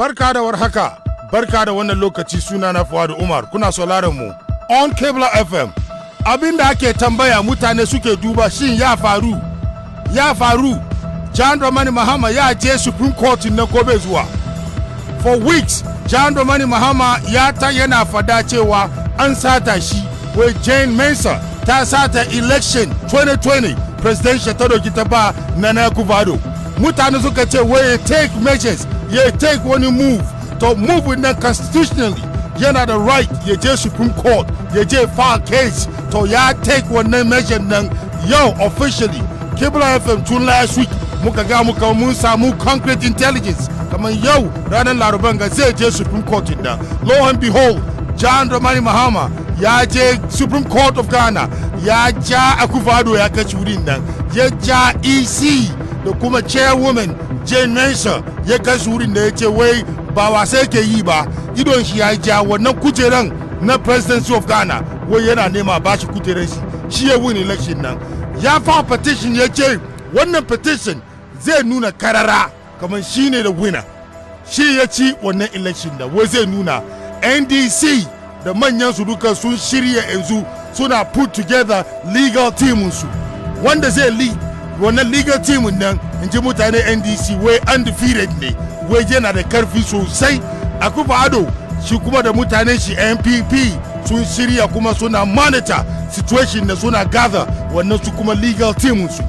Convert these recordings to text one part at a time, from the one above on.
Barka da warhaka, barka da wannan lokaci suna na Fuad Umar kuna sauraron mu on Cable FM. Abin da ake tambaya mutane suke duba shin ya faru, ya faru, John Romani Mahama ya je Supreme Court na kobe zuwa. For weeks, John Romani Mahama ya ta yana fada cewa an sata shi, wai Jane Mensah ta sata election 2020 presidential ta doki ta ba na na Mutane suka ce wai take measures ya take wani move to move with them constitutionally yana the right ya je supreme court ya je file case to ya take wannan measure nan yau officially kibla fm tun last week muka ga muka mun samu concrete intelligence kamar yau ranar laraban ga zai je supreme court da lo and behold john romani mahama ya je supreme court of ghana ya ja akufado ya kaci wurin nan ya ja ec da kuma chairwoman jane mensah ya kai su wurin da ya ce wai ba wasa yake yi ba idon shi ya ja wannan kujeran na presidency of ghana wai yana nema ba shi kujeran shi shi ya win election nan ya fa petition ya ce wannan petition zai nuna karara kamar shi ne da winner shi ya ci wannan election da wai zai nuna ndc da manyan su duka sun shirya yanzu suna put together legal team su wanda zai lead wannan legal team nan in ji mutane ndc wai undefeated ne wai yana da karfi sosai a kufa ado shi kuma da mutane shi npp sun shirya kuma suna monitor situation da suna gather wannan su kuma legal team su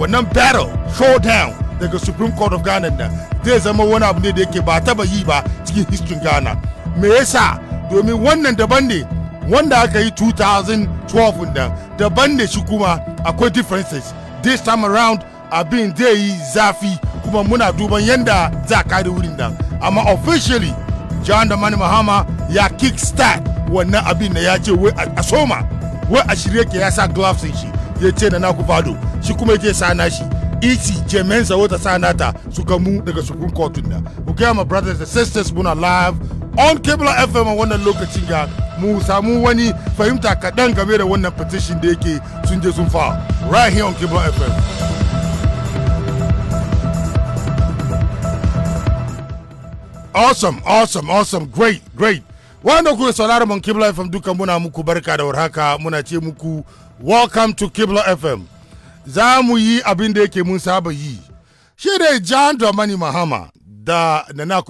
wannan battle showdown daga supreme court of ghana da zai zama wani abu ne da yake ba taba yi ba cikin history ghana me yasa domin wannan daban ne wanda aka yi 2012 da daban ne shi kuma akwai differences this time around abin zai yi zafi kuma muna duban yanda za kare wurin nan amma officially john da mani mahama ya kick start wannan abin da ya ce wai a soma wai a shirye ke ya sa gloves shi ya ce na naku fado shi kuma yake na shi iti e jemensa wata sa nata su mu daga sukun kotun da ku my brothers and sisters muna live on cable fm a wannan lokacin ya mu samu wani fahimta kaɗan game da wannan petition da yake sun je sun fa right here on cable fm awesome awesome awesome great great wanda kuke sauraron mun kibla fm duka muna muku barka da warhaka muna ce muku welcome to kibla fm za mu yi abin da yake mun saba yi shi dai john domani mahama da nana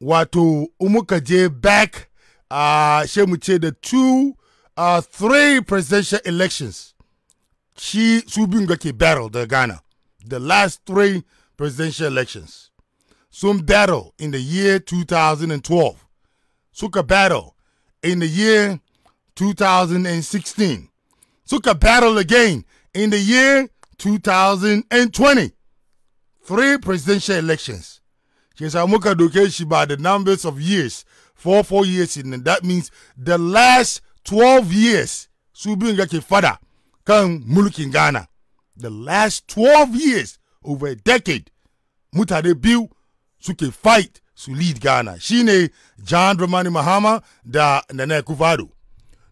wato muka je back uh, she mu ce da two uh, three presidential elections shi su biyun ga ke battle da ghana the last three presidential elections sun battle in the year 2012 suka battle in the year 2016 suka battle again in the year 2020 three presidential elections She said, Muka shi ba the numbers of years, four, four years in and that means the last twelve years, Subin Yaki father, kan mulkin Ghana. The last twelve years, over a decade, mutane biyu suke fight su lead Ghana. Shine John Dramani Mahama da Nana Kufado.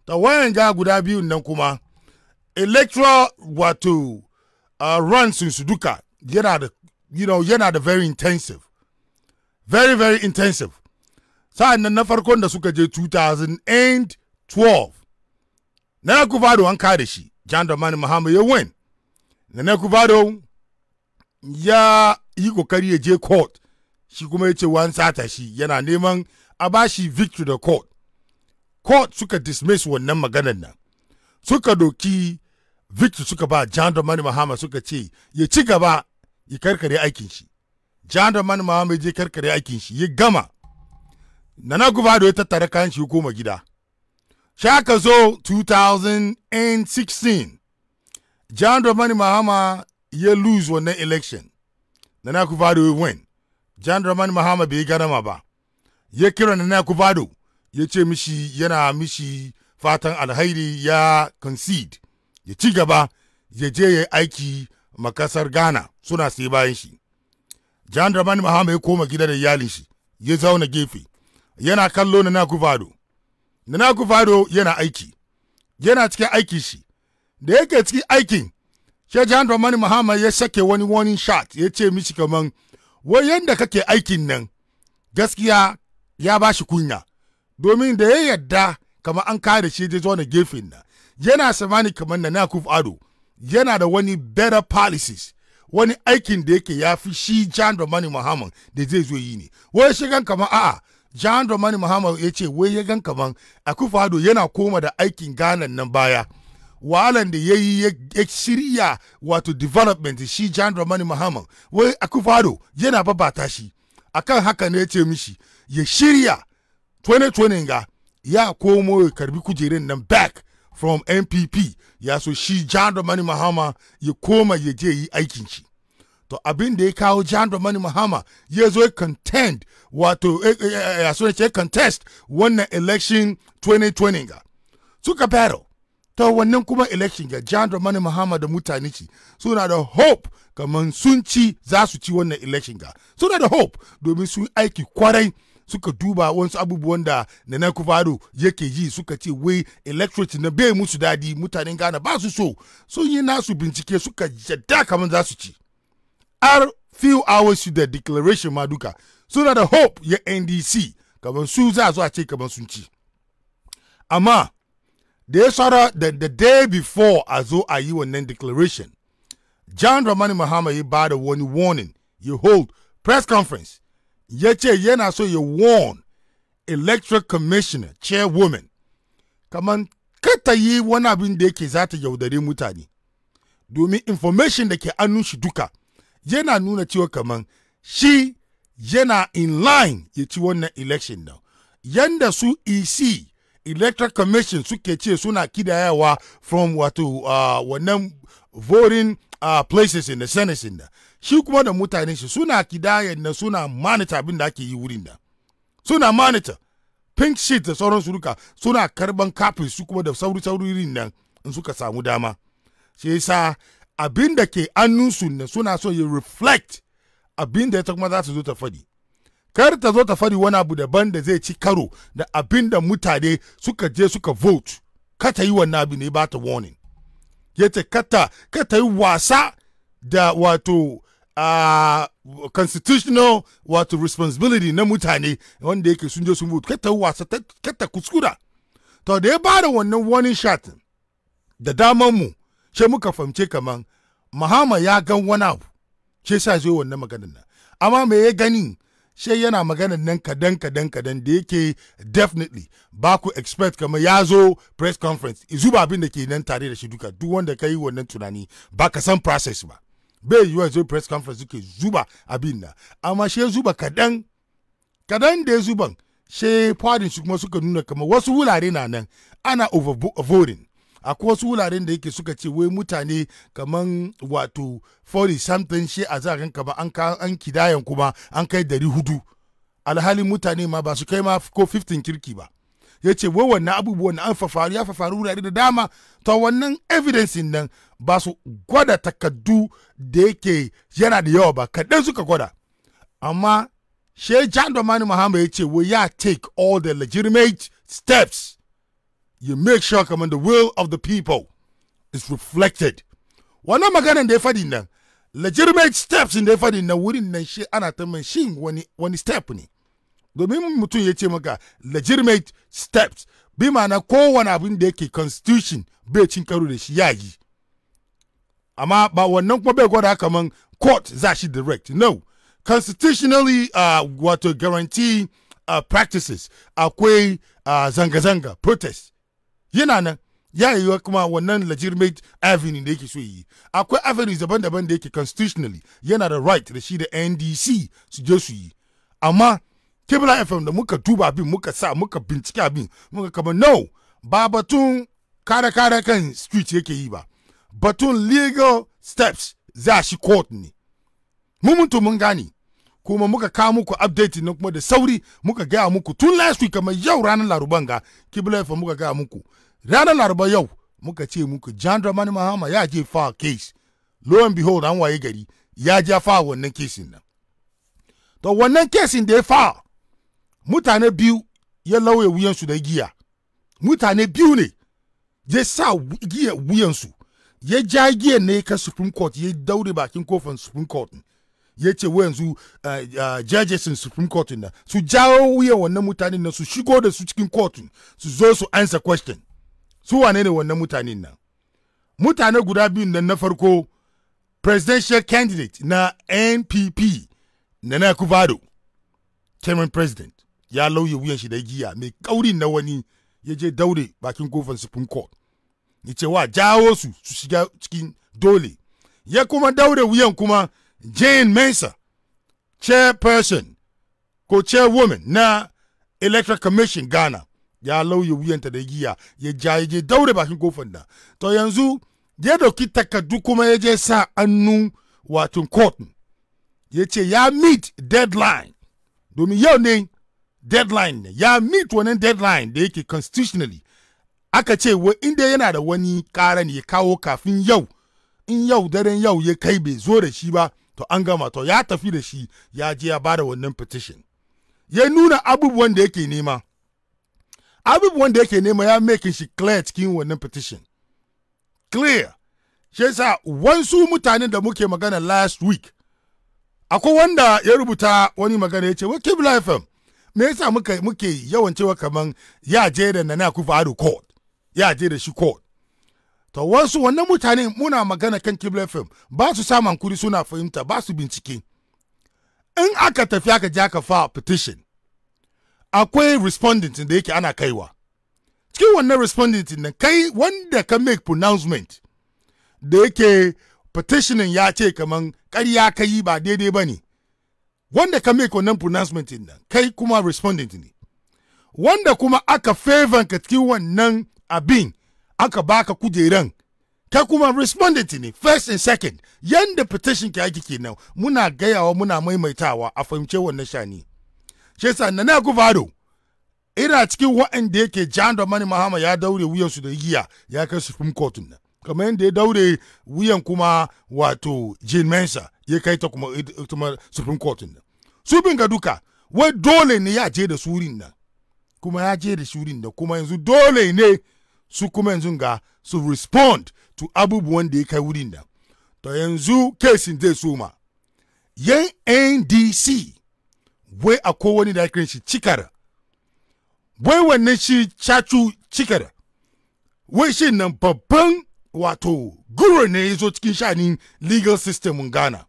Ta wayan ga guda biyu nan kuma, electoral wato uh, run su duka yana da you know, yana da very intensive. very very intensive sa'an nan na farkon da suka je 2012 na Ekuvado an kada shi John Dramani muhammad ya win na Ekuvado ya yi kokari ya je court shi kuma ya ce wani sata shi yana neman a bashi victory da court court suka dismiss wannan maganar nan suka doki victor suka ba john domani muhammad suka ce ya ci gaba ya karkare aikin shi jan da manoma mai je karkare aikin shi ya gama na na guba da ya tattara kayan shi koma gida sha ka zo 2016 jan da manoma ya lose wannan election na na guba da ya win jan da manoma bai ma ba ya kira na na guba da ya ce mishi yana mishi fatan alhairi ya concede ya ci gaba ya je ya aiki makasar ghana suna sai bayan shi Jan Dramani Mahama ya koma gida da iyalin shi ya zauna gefe yana kallo na Nakufado. Na Nakufado yana aiki yana cikin aiki shi da yake cikin aikin sai Jan Dramani Mahama ya sake wani warning shot ya ce mishi kaman wai yanda kake aikin nan gaskiya ya ba shi kunya domin da ya yadda kamar an da shi ya zauna gefen nan yana samani kamar na Nakufado yana da wani better policies wani aikin da yake ya fi shi jan domani Muhammad da zai zo yi ne wai gan kamar a'a jan domani Muhammad ya ce wai ya gan kamar akufado yana koma da aikin Ghana nan baya wahalan da ya yi ya shirya wato development shi jan domani Muhammad wai akufado yana babata shi akan haka ne ya ce mishi ya shirya 2020 ga ya komo ya karbi kujerin nan back from npp ya so shi john mani mahama ya koma ya je yi aikin shi to abin da ya kawo john mani mahama ya zo ya contend wato eh, eh, eh, ya so ya contest wannan election 2020 ga suka battle ta wannan kuma election ga john mani mahama da mutane ci suna da hope kaman sun ci za su ci wannan election ga suna da hope domin sun aiki kwarai suka duba wasu abubuwan da Nana Kufado yake yi suka ce wai electricity na bai musu dadi mutanen Ghana ba su so sun yi nasu bincike suka jadda kamar za su ci. Har few hours to the declaration ma duka suna da hope ya NDC kamar su za su a ce kamar sun ci. Amma da ya sara da the day before a zo a yi wannan declaration John ramani Mahama ya ba da wani warning ya hold press conference ya ce yana so ya warn electoral commissioner chairwoman kamar kata yi wani abin da yake za ta yaudare mutane domin information da ke annun shi duka yana nuna cewa kamar shi yana in line ya ci wannan election nan yanda su ec electoral commission suke ce suna kidayawa from wato uh, wannan voting uh, places in the senate in da shi kuma da mutane shi suna kidayen na suna monitor abin da ake yi wurin da suna monitor pink sheet da sauran su duka suna karban kafin su kuma da sauri sauri nan in suka samu dama shi yasa abin da ke annunsu na suna so ya reflect abin da ya kuma za su zo ta fadi kar ta zo ta fadi wani abu daban da zai ci karo da abin da mutane suka je suka vote ka ta yi wannan abu ne ba ta warning ya ce kata kata yi wasa da wato a uh, constitutional wato responsibility na mutane wanda yake sun je sun vote kata wasa kata kuskura to da ya bada wannan warning shot da daman mu she muka fahimce kaman mahama ya gan wani abu shi sa zai wannan maganar nan amma me ya gani shey yana magana nan kadan kadan kadan da yake definitely ba ku expect kamar ya zo press conference zuba abin da ke nan tare da shi duka duk wanda ka yi wannan tunani ba ka san process ba bai yiwuwa zo press conference ke zuba abin nan amma shey zuba kadan kadan da zuban shey fadin su kuma suka nuna kamar wasu wurare na nan ana overvoting akwai wasu wuraren da yake suka ce wai mutane kaman wato 40 something shi a zagan kama ba an an kidayan kuma an kai dari hudu alhali mutane ma ba su kai ma ko 15 kirki ba ya ce wai wannan abubuwan na an fafaru ya fafaru wurare da dama to wannan evidence nan ba su gwada takaddu da yake yana da yawa ba kaɗan suka gwada amma shi John ya ce wai ya take all the legitimate steps you make sure kamar the will of the people is reflected wannan maganan da ya faɗi nan legitimate steps da ya faɗi nan wurin nan shi ana ta mai shin wani, wani step ne domin mutum ya ce maka legitimate steps bi ma'ana kowane abin da yake constitution bai cin karo da shi ya yi amma ba wannan kuma bai gwada kaman court za shi direct no constitutionally uh, wato guarantee uh, practices akwai uh, zanga-zanga protest yana nan ya yi kuma wannan legitimate avenue da yake so yi akwai avenues daban-daban da yake constitutionally yana da right da shi da ndc su je su yi amma kibla fm da muka duba bin muka sa muka bincike abin muka kama no ba batun kare-kare kan street yake yi ba batun legal steps za shi court ne mun mun gane kuma muka kawo muku update na kuma da sauri muka gaya muku tun last week kamar yau ranar laruban ga kibla fa muka gaya muku ranar laruba yau muka ce muku john dramani mahama ya je fa case lo and behold an waye gari ya je fa wannan case nan to wannan kesin da ya fa mutane biyu ya lauye wuyansu da giya mutane biyu ne ya sa giya wuyansu ya ja giyan ne ka supreme court ya daure bakin kofan supreme court ya ce wa yanzu eh, eh, judges in supreme court na su jawo wuyan wannan mutanen nan su shigo da su cikin court su zo su answer question su wane ne wannan mutanen nan mutane guda biyun nan na farko presidential candidate na npp na na kubado cameron president ya lauye wuyan shi da giya mai kauri na wani ya je daure bakin kofar supreme court ya ce wa jawo su su shiga cikin dole ya kuma daure wuyan kuma jane mensa chairperson ko chairwoman na electoral commission ghana ya lauye wuyanta da giya ya ja ya je daure bakin kofar nan to yanzu ya dauki takardu kuma ya je sa annu wato court ya ce ya meet deadline domin yau ne deadline ne ya meet wani deadline da yake constitutionally aka ce wa inda yana da wani karan ya kawo kafin yau in yau daren yau ya kai bai zo da shi ba to an gama to ya tafi da shi ya je ya bada wannan petition ya nuna abubuwan da yake nema abubuwan da yake nema ya making shi clear cikin wannan petition clear shi yasa wansu mutanen da muke magana last week akwai wanda ya rubuta wani magana ya ce wa kibla fm me yasa muke yawan cewa kaman ya je da nana kufa court ya je da shi court to wasu wannan mutane muna magana kan kibla fm ba su samun kuri suna fahimta ba su bincike in aka tafi aka ji aka fa petition akwai respondent da yake ana kaiwa cikin wannan respondent nan kai wanda ka make pronouncement da yake petitioning ya ce kaman karya ka yi ba daidai ba ne wanda ka make wannan pronouncement nan kai kuma respondent ne wanda kuma aka favor ka cikin wannan abin aka baka kujeran kai kuma respondent ne first and second yanda petition ke ake kenan muna gayawa muna maimaitawa a fahimce wannan shani shi yasa nana guvado ina cikin waɗanda yake John mani Mahama ya daure wuyan su da igiya ya kai Supreme Court nan kamar yadda ya daure wuyan kuma wato Jane Mensa ya kai ta kuma kuma Supreme Court nan su bin ga duka wai dole ne ya je da surin nan kuma ya je da surin nan kuma yanzu dole ne su kuma yanzu ga su respond to abubuwan da ya kai wurin da to yanzu kesin zai soma yan ndc wai a kowane da ake shi cikar wai wannan shi cacu cikar wai shi nan babban wato guru ne ya zo cikin shanin legal system ghana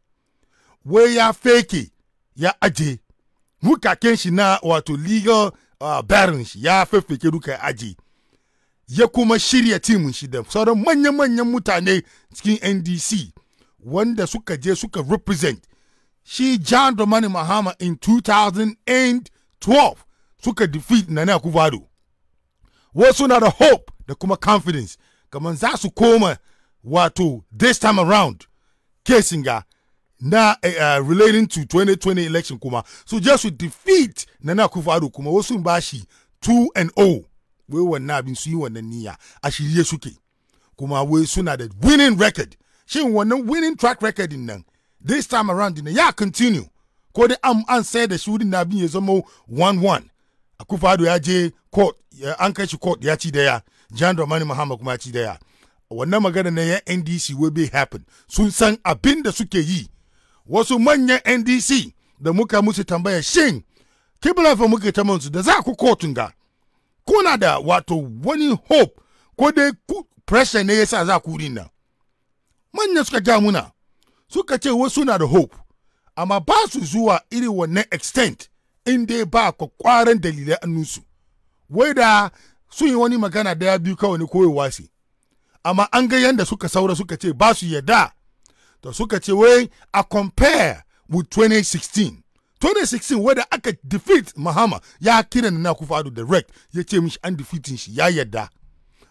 wai ya feke ya aje mukaken shi na wato legal uh, barin shi ya fefeke duka ya aje ya kuma shirya timin shi da sauran manya-manyan mutane cikin ndc wanda suka je suka represent shi john Dramani mahama in 2012 suka defeat nana akufado wasu na da hope da kuma confidence kamar za su koma wato this time around kesinga na uh, relating to 2020 election kuma su je su defeat nana akufado kuma wasu ba shi 2 0 wai wannan abin su yi wannan niyya a shirye suke kuma wai suna da winning record shin wannan winning track record nan this time around din ya continue ko dai an an sai da shi wurin abin ya zama 1-1 akufado ya je court an kai shi court ya ci daya jan romani muhammad kuma ya ci daya wannan magana na yan ndc wai bai happen sun san abin da suke yi wasu manyan ndc da muka musu tambaya shin kibla fa muke ta da za ku kotun ga kuna da wato wani hope ko dai pressure ne yasa za ku nan manyan suka ja muna suka ce wasu na da hope amma ba su zuwa irin wannan extent in dai ba kwakwaran dalilai annunsu wai da sun yi wani magana daya biyu kawai ne koyewa wasi amma an ga yadda suka saura suka ce ba su yarda da suka ce wai a compare with 2016 2016 wadda aka defeat mahama ya kiran na kufado direct ya ce mishi an defeatin shi ya yadda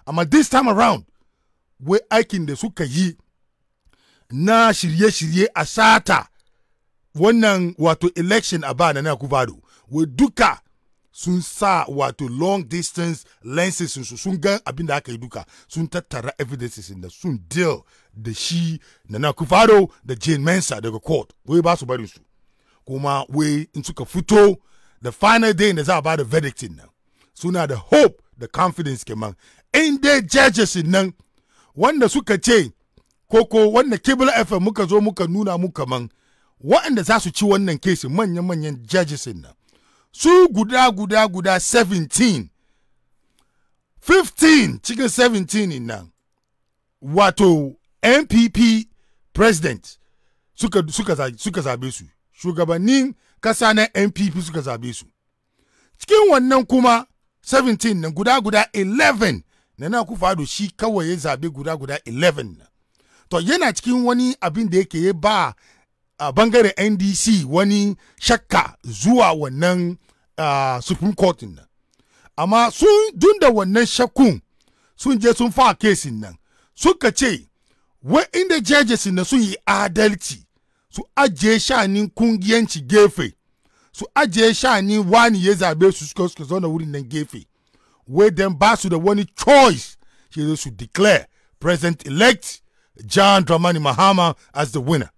amma this time around wai aikin da suka yi na shirye-shirye a sata wannan wato election a ba na na kufado wai duka sun sa wato long distance lenses su sun gan abin da aka yi duka sun tattara evidences da sun deal da shi na na kufado da jane mensa daga court wai ba su barin su kuma wai in suka fito da final day da za a bada verdictin nan suna da hope da confidence kenan in dai judges nan wanda suka ce koko wanda kibla fm muka zo muka nuna muka man waɗanda za su ci wannan kesin manyan-manyan judges nan su guda guda guda 17 15 cikin 17 nan wato npp president suka, suka, suka zabe su shugabannin ƙasa na npp suka zabe su cikin wannan kuma 17 na guda-guda 11 na na shi kawai ya zabe guda-guda 11 to yana cikin wani abin da yake ba a bangare ndc wani shakka zuwa wannan uh, supreme court nan amma sun dunda wannan shakkun sun je sun fa kesin nan suka ce wa'inda judges na sun yi adalci su ajiye sha'anin kungiyanci gefe su ajiye sha'anin wani ya zabe su suka suka zauna wurin nan gefe wai dan ba su da wani choice shi su declare president elect John Dramani Mahama as the winner.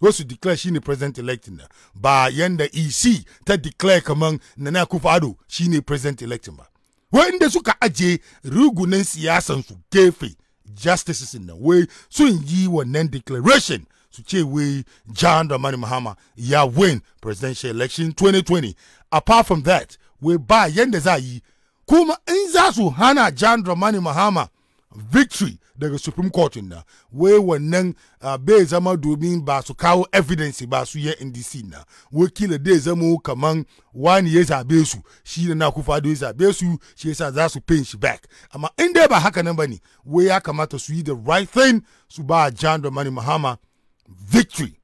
Wasu declare shine president elect na ba yanda EC ta declare kaman Nana akufo shi shine president elect ba. Wanda suka ajiye rugunan siyasan su gefe justices na wai sun yi wannan declaration su ce wai John Dramani Mahama ya win presidential election 2020 apart from that wai ba yanda za yi kuma in za su hana John Dramani Mahama victory daga supreme court na wai wannan uh, bai zama domin ba su kawo evidence ba su yi ndc na wakila dai zama kaman wani ya zabe su shi da na kufa da ya zabe su shi yasa za su pinch back amma in dai ba haka nan bane wai ya kamata su yi the right thing su ba john dramani mahama victory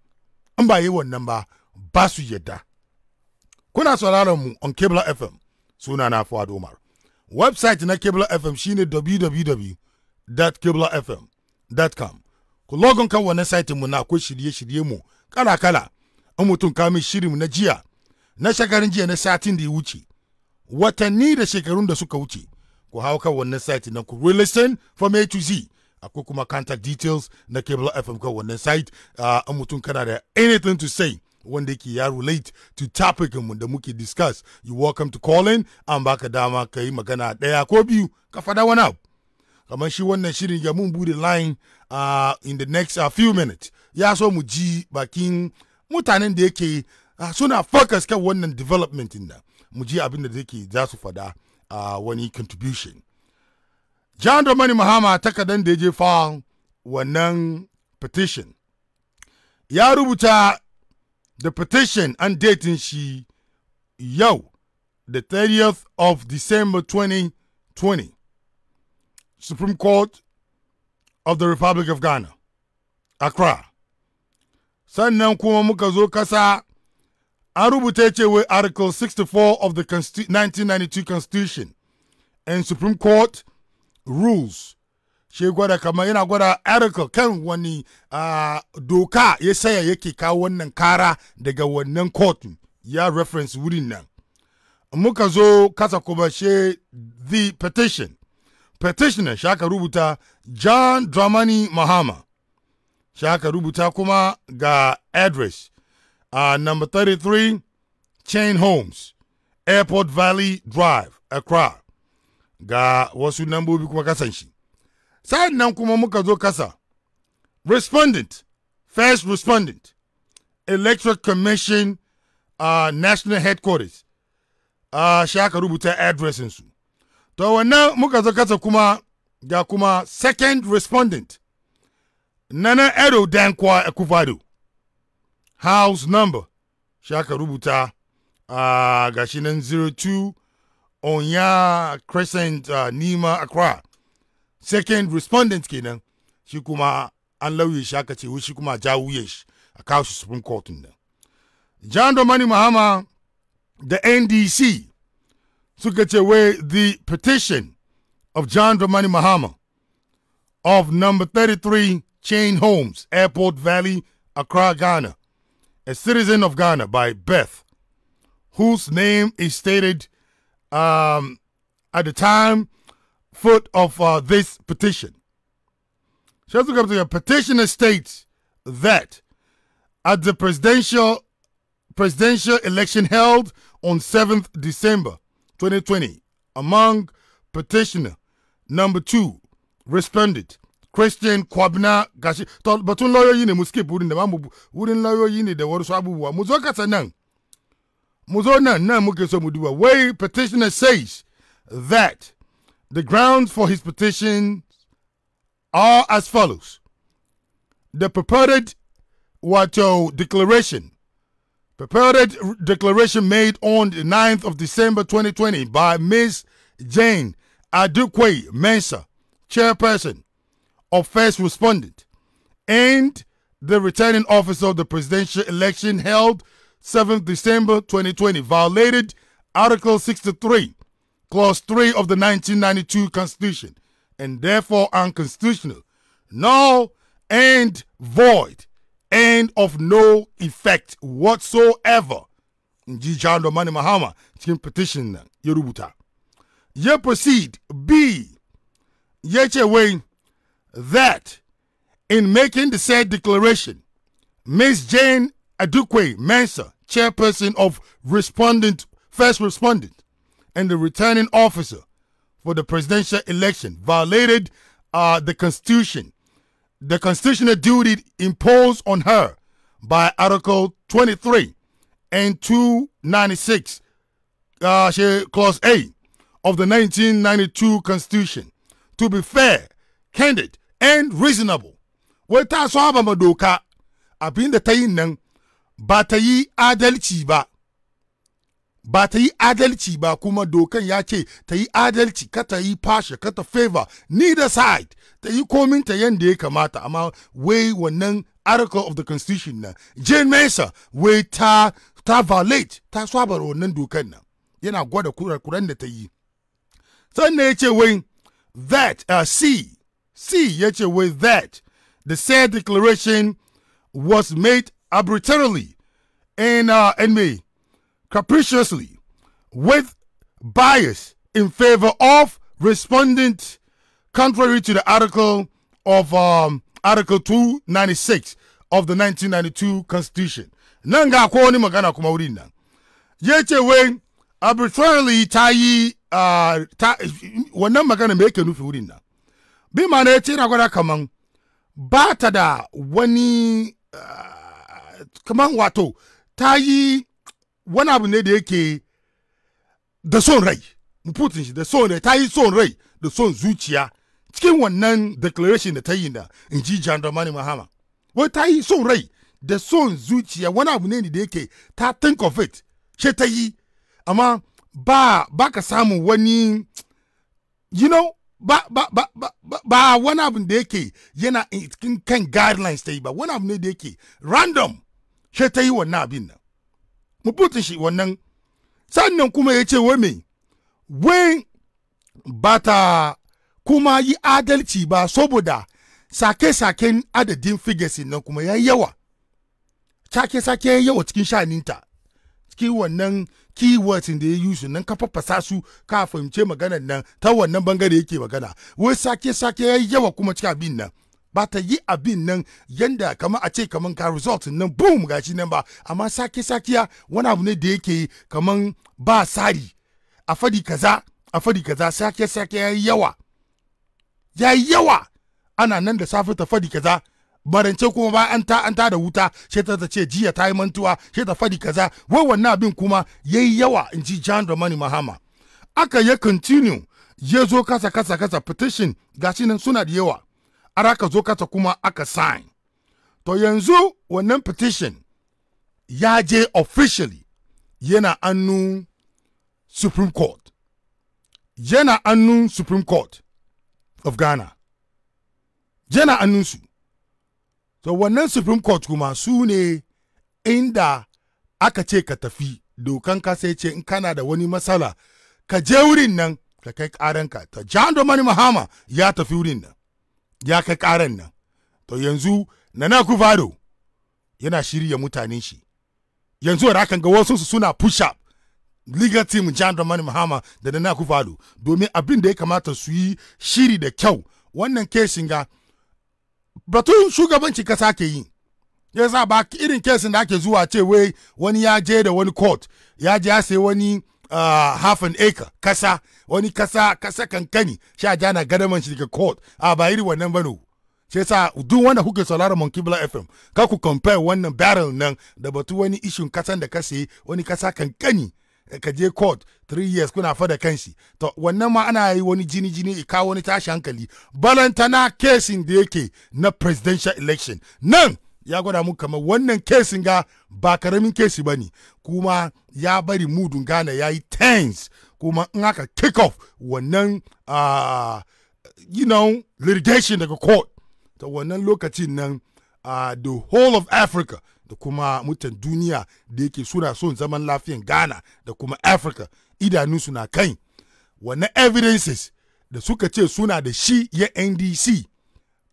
in ba yi wannan ba ba su yadda kuna sauraron mu on cable fm suna na fuad umar website na cable fm shine www.cablefm.com ku logon kan wannan site mu na akwai shirye-shirye mu kala-kala in mutum kamin shirin na jiya na shekarun jiya na satin da ya wuce watanni da shekarun da suka wuce ku hau kan wannan site na ku listen from a to z akwai kuma contact details na cable fm kan wannan site ah, in mutum kana da anything to say wanda yake ya relate to topic mu da muke discuss you welcome to call in an baka dama ka yi magana ɗaya ko biyu ka faɗa wani abu kamar shi wannan shirin ya mun bude line uh, in the next uh, few minutes ya so mu ji bakin mutanen da yake uh, suna focus kan wannan development din da mu ji abin da yake za su faɗa uh, wani contribution John Dramani Mahama takardar da ya je fawon wannan petition ya rubuta the petition an datin shi yau the 30th of December 2020 Supreme Court of the Republic of Ghana Accra sannan kuma muka zo kasa an rubuta cewa article 64 of the 1992 constitution and Supreme Court rules shi gwada kamar yana gwada article kan wani doka ya saya yake kawo wannan kara daga wannan court ya reference wurin nan muka zo kasa kuma she the petition petitioner shaka rubuta john dramani mahama shaka rubuta kuma ga address uh, number 33 chain homes airport valley drive accra ga wasu nambobi kuma kasan shi sa'an nan kuma muka zo kasa respondent first respondent electoral commission uh, national headquarters uh, shi aka rubuta addressinsu to wannan muka zo kasa kuma ga kuma second respondent nana ero dankwa ekufado house number shi aka rubuta uh, ga shi nan 02 Onya Crescent uh, Nima Accra. Second respondent kenan shi kuma an lauye shi aka ce wai shi kuma jawuye shi a kawo Supreme Court nan. John Domani Mahama the NDC suka ce wai the petition of John Domani Mahama of number 33 Chain Homes, Airport Valley, Accra, Ghana, a citizen of Ghana by birth, whose name is stated um, at the time foot of uh, this petition. She also comes to a petitioner states that at the presidential presidential election held on 7th December 2020, among petitioner number two responded Christian Kwabna Gashi. But lawyer yini muskip wouldn't the wouldn't lawyer yini the word swabu. Muzokata nang. Muzona Namukeso Muduwa away. petitioner says that the grounds for his petition are as follows. The purported Wato declaration, purported declaration made on the 9th of December 2020 by Ms. Jane Adukwe Mensah, chairperson of first respondent, and the returning officer of the presidential election held 7th December 2020 violated Article 63, Clause 3 of the 1992 Constitution and therefore unconstitutional, null and void and of no effect whatsoever. Nji Jando Mani Mahama, cikin petition nan ya proceed B ya ce wai that in making the said declaration, Miss Jane Adukwe Mensa, chairperson of respondent, first respondent, and the returning officer for the presidential election, violated uh, the Constitution, the constitutional duty imposed on her by Article 23 and 296, uh, Clause A of the 1992 Constitution to be fair, candid, and reasonable. Wata so haba madoka abin da ta ba ta yi adalci ba ba ta yi adalci ba kuma dokan ya ce ta yi adalci ka ta yi fashe ka ta favor da side ta yi komin ta yadda ya kamata amma wai wannan article of the constitution na jane mesa wai ta ta violate ta swabar wannan dokan nan yana gwada kuran da ta yi sannan ya ce wai that uh, c c ya ce wai that the said declaration was made arbitrarily and uh, and may capriciously with bias in favor of respondent contrary to the article of um, article 296 of the 1992 constitution Nanga ga ko wani magana kuma wurin nan arbitrarily tayi yi uh, wannan magana me yake nufi wurin nan bi ma na ya ce na gwada kaman ba ta da wani uh, kaman wato ta yi wani abu ne da yake da son rai mu putin shi da son rai ta yi son rai da son zuciya cikin wannan declaration da ta yi da in ji john mahama wai ta yi son rai da son zuciya wani abu ne da yake ta think of it ce ta yi amma ba ba ka samu wani you know ba ba ba ba ba wani abu da yake yana cikin kan guidelines ta yi ba wani abu ne da yake random she ta yi wannan abin nan mu putin shi wannan sannan kuma ya ce wai me wai ba ta kuma yi adalci ba saboda sake-saken adadin figures nan kuma ya yi yawa sake-sake ya yawa cikin shaninta cikin wannan keywords da ya yi su nan ka faffasa su ka fahimce maganar nan ta wannan bangare yake magana wai sake-sake ya yawa kuma cikin abin nan ba ta yi abin nan yanda kama a ce kaman ka result nan boom gashi nan ba amma sake sakiya wani abu ne da yake kaman ba sari a fadi kaza a fadi kaza sake sake ya yi yawa ya yi yawa ana nan da safe ta fadi kaza barance kuma ba an ta an ta da wuta sai ta ce jiya ta yi mantuwa sai ta fadi kaza wai wannan abin kuma ya yi yawa in ji John Dramani Mahama aka ya continue ya zo kasa kasa kasa petition gashi nan suna da yawa har ka zo kasa kuma aka sign to yanzu wannan petition ya je officially yana annu supreme court yana annu supreme court of ghana yana annunsu to wannan supreme court kuma su ne inda aka ce ka tafi dokan ka sai ce in kana da wani matsala ka je wurin nan ka kai karanka ta john domani mahama ya tafi wurin nan ya kai karan nan to yanzu nana kuvado yana shirya mutane shi yanzu da kan ga wasu su suna push up legal team John Dramani Mahama da Nana akufo domin abin da ya kamata su yi shiri da kyau wannan kesin ga batun shugabanci kasa ke yi ya sa ba irin kesin da ake zuwa ce wai wani ya je da wani court ya je ya sayi wani uh, half an acre kasa wani kasa kasa kankani sha jana gadaman shi daga court a ba iri wannan bane shi sa duk wanda kuke sauraron Monkey Black FM ka ku compare wannan barrel nan da batu wani ishin kasan da ka wani kasa kankani ka je court 3 years kuna fada kanshi to wannan ma ana yi wani jini jini i kawo wani tashi hankali balantana kesin da yake na presidential election nan ya gwada mu kamar wannan kesin ga ba karamin kesi bane kuma ya bari mudun gane ya yi kuma in aka kick off wannan ah, you know litigation daga court ta wannan lokacin nan ah, the whole of africa da kuma mutan duniya da yake suna son zaman lafiyan ghana da kuma africa idanunsu na kai wannan evidences da suka ce suna da shi ya ndc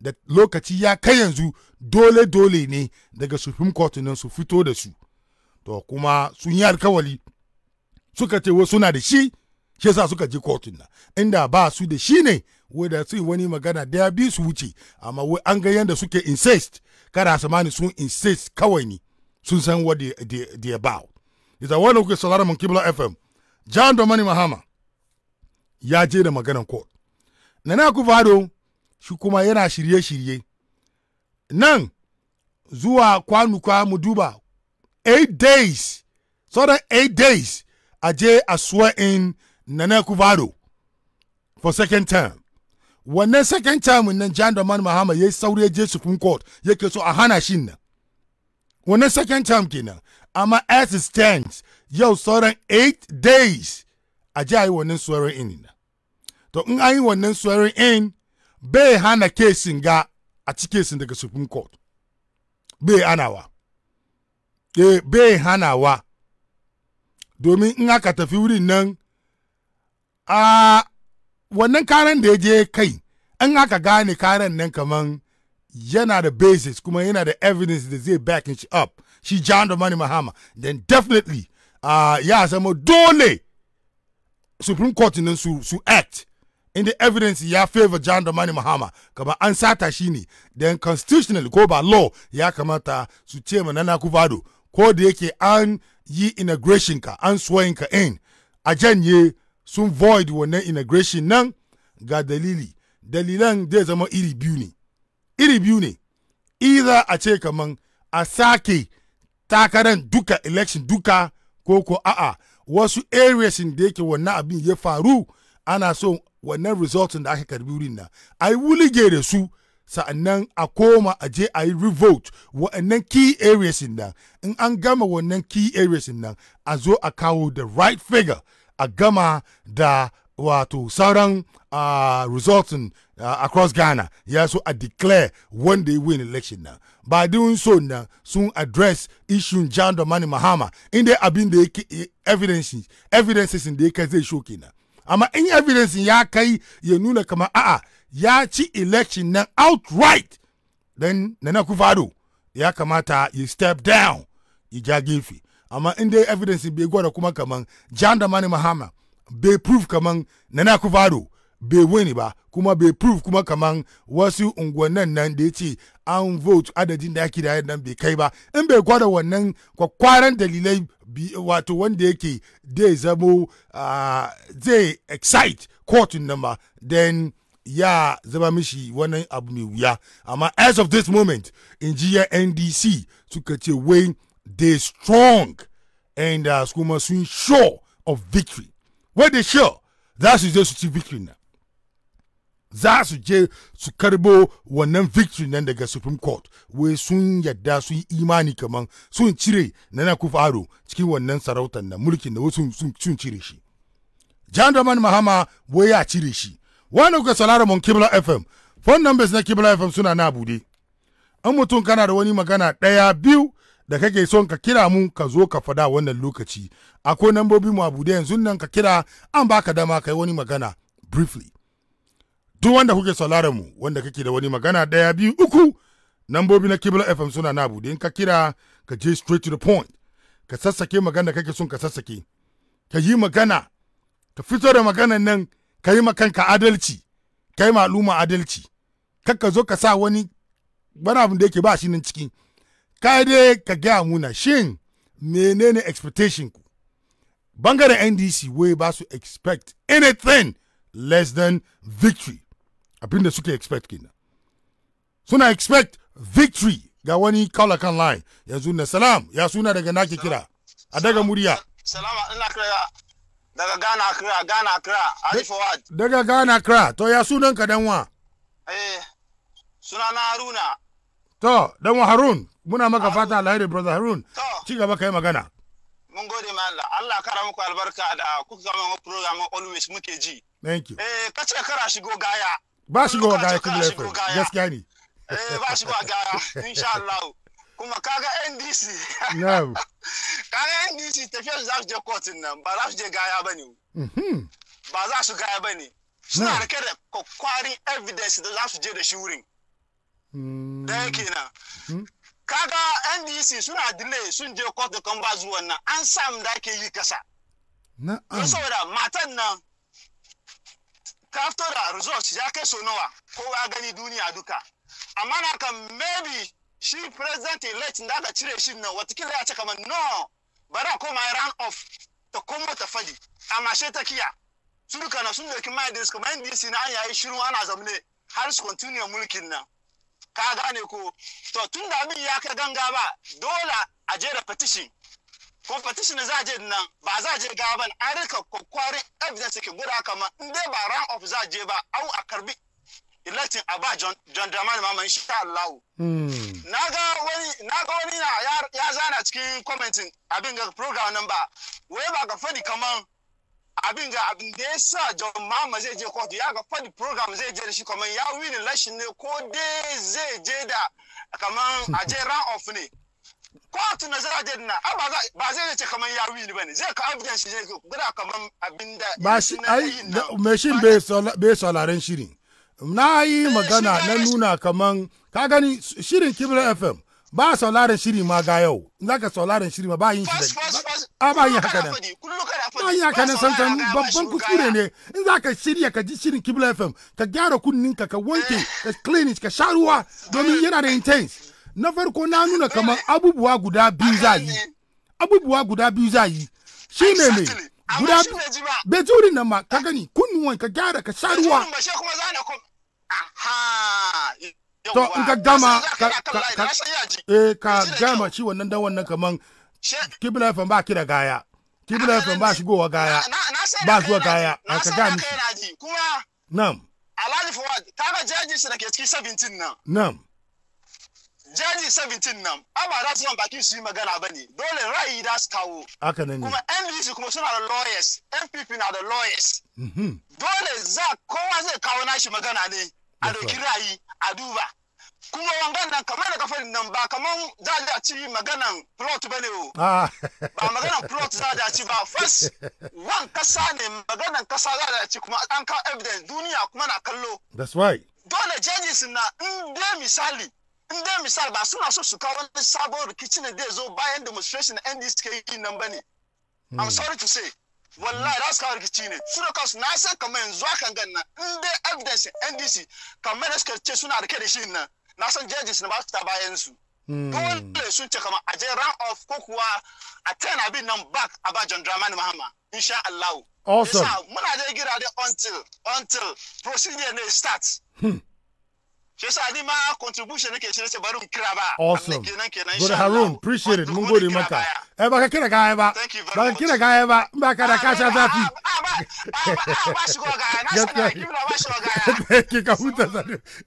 da lokaci ya kai yanzu dole-dole ne daga supreme court nan su fito da su to kuma sun yi alkawali suka ce wasu na da shi shi yasa suka je kotun nan inda ba su da shi ne da su wani magana da ya bi su wuce amma wai an ga yanda suke insist kada mani sun insist kawai ne sun san what they, they, they about ita wannan kuke sauraron mun kibla fm john domani mahama ya je da maganan court nana ku fado shi kuma yana shirye-shirye nan zuwa kwanuka mu duba 8 days sauran 8 days a je a swear in Nana Kuvado for second term. Wannan second term nan John Dramani Mahama ya yi saurayi je Supreme Court yake so a hana shi nan. Wannan second term kenan. Amma as it stands yau sauran eight days a ji a yi wannan swearing in na To in an yi wannan swearing in bai hana kesin ga a ci kesin daga Supreme Court. Bai hanawa. Bai hanawa. Domin in aka tafi wurin nan a wannan karan da ya je kai an aka gane karan nan kaman yana da basis kuma yana da evidence da zai backing shi up shi John mani Mahama then definitely uh, ya zama dole Supreme Court nan su, su act in the evidence ya favor John mani Mahama kama an sata shi ne then constitutional ko ba law ya kamata su ce ma Nana Kufado ko da yake an yi inauguration ka an swearing ka in a janye sun void wannan integration nan ga dalili dalilan zai zama iri biyu ne iri biyu ne iza a ce kaman a sake takaran duka election duka ko ko a'a wasu areas da yake wannan abin ya faru ana so wannan result da aka karbi wurin na a yi wulige da su sa'annan a koma a je a yi revote wa'annan key areas nan in an gama wannan key areas nan a zo a kawo the right figure a gama da wato sauran uh, resulting uh, across ghana ya so a declare wanda ya win election na ba doing so na sun address issue john domani mahama inda abin da yake eh, evidences evidences da yake zai show kenan amma in evidence ya kai ya nuna kama a'a ya ci election nan outright then nana kufado ya kamata ya step down ya ja gefe amma in dai evidence bai gwada kuma kaman janda mani Mahama bai proof kaman Nana Kuvado bai wani ba kuma bai proof kuma kaman wasu unguwannin nan da ya ce an vote adadin da ake da nan bai kai ba in bai gwada wannan kwakwaran dalilai wato wanda yake dai zamo zai excite kotun nan ba then ya zama mishi wannan abu mai wuya amma as of this moment in ndc suka ce wai dey strong and uh, must sun sure of victory wey dey sure za su je su ci victory na za su je su karbo wannan victory nan daga supreme court wai sun yadda su yi imani kaman sun cire na na kufaro cikin wannan sarautar na mulkin da wasu sun cire shi john Dramani mahama wai ya cire shi wani kuka da mun kibla fm phone numbers na kibla fm suna na bude an mutum kana da wani magana ɗaya biyu da kake son ka kira mu ka zo ka fada wannan lokaci akwai nambobi mu abu da yanzu nan ka kira an baka dama kai wani magana briefly duk wanda kuke sauraron mu wanda kake da wani magana daya biyu uku nambobi na kibla fm suna na abu da in ka kira ka je straight to the point ka sassake magana kake son ka sassake ka yi magana ka fito da maganan nan ka yi makanka adalci ka yi ma'aluma adalci kakka zo ka sa wani wani abin da yake ba shi nan ciki ka dai ka gaya muna shin menene expectation ku bangaren ndc wai ba su expect anything less than victory abinda suke expect kenan suna expect victory ga wani kawla kan line yanzu na salam ya suna daga nake kira a daga murya salama ina kira daga gana kira gana kira ali daga gana kira to ya sunan ka danwa eh suna na haruna to danwa harun muna maka fata alheri brother harun ci gaba kai magana mun gode ma Allah Allah kara muku albarka da kuka gama program always muke ji thank you eh kace kara shigo gaya ba shigo gaya kuma lafiya gaskiya ne eh ba shigo gaya insha Allah kuma kaga NDC na'am kaga NDC tafiyar za su je court nan ba za su je gaya bane mm-hmm. ba za su gaya bane suna da kare kwakwarin evidence da za su je da shi wurin da yake na kaga ndc suna delay sun je court da kan ba zuwan nan an sam da ke yi kasa na'am saboda matan nan kaftar da results ya kai so nawa ya gani duniya duka amma na kan maybe shi president elect da aka cire shi nan watakila ya ce kamar no bara koma run off ta komo ta fadi amma she ta kiya su duka na sun doki mai disk kamar ndc na an yayi shiru ana zaune har su continue mulkin nan ka gane ko to tun da abin ya ka ganga ba dole a je da petition ko petition za a je nan ba za a je gaba ba an rika kwakwarin evidence ke guda kama in dai ba ran of za a je ba au a karbi ilatin a ba John Dramani Mama insha Allah. Hmm. Na ga wani na ya zana cikin commenting abin ga program nan ba wai ba ga fadi kaman abin ga abin da ya sa John Mahama zai je kotu ya ga fadi program zai je da shi kamar ya wini lashin ne ko dai zai je da kamar a je ran off ne kotu na za a je na ba zai ce kamar ya wini ba ne zai ka evidence shi zai gura kamar abin da ba shi ai me shi bai sauraren shirin na yi magana na nuna kamar ka gani shirin kibra fm ba a sauraron shiri ma ga yau in za ka sauraron shiri ma ba yin shi da a ba yin haka nan ba yin haka nan sansan babban kuskure ne in za ka shirya ka ji shirin kibla fm ka gyara kunninka ka wanke eh. ka clinic ka sha ruwa domin eh. yana da intense na farko na nuna eh. kamar abubuwa guda biyu za yi abubuwa guda biyu za yi shi ne ne guda bai jurin nan ma ka gani kunnuwan ka gyara ka sha ruwa to in ka gama ka eh, gama shi wannan dan wannan kaman kibla fa ba kira gaya kibla fa ba gowa gaya ba gowa gaya a ka gami kuma nam alhaji fawad ga jaji shi da ke cikin 17 nan nam jaji 17 nan amma da su ki su yi magana ba ne dole ra'ayi da su kawo haka nan kuma ndc kuma suna da lawyers npp na da lawyers mhm. dole za kowa zai kawo nashi magana ne a doki ra'ayi a duba kuma wangan nan kamar da kafarin nan ba kamar za a ci maganan plot ba ne o ah. ba maganan plot za a ci ba first wan kasa ne maganan kasa za a ci kuma an ka evidence duniya kuma na kallo that's why. dole jenis na in dai misali in dai misali ba suna so su kawo wani sabon rikici ne zai zo bayan demonstration na NDC ke yi nan ba ne I'm hmm. sorry to say wallahi za su kawo rikici ne su da kansu na san kamar yanzu akan gan nan in dai evidence NDC kamar da suka ce suna rike da shi nan na san judges na ba su ta bayan su hmm. dole sun ce kamar a je off ko kuwa a turn abin nan back a ba John Dramani Mahama insha Allah awesome muna da gira dai until until procedure ne start hmm. shi yasa ni ma contribution nake shi kira ba awesome kenan kenan harun appreciate it mun gode maka eh baka kira gaya ba baka kira ba in baka da kasha zafi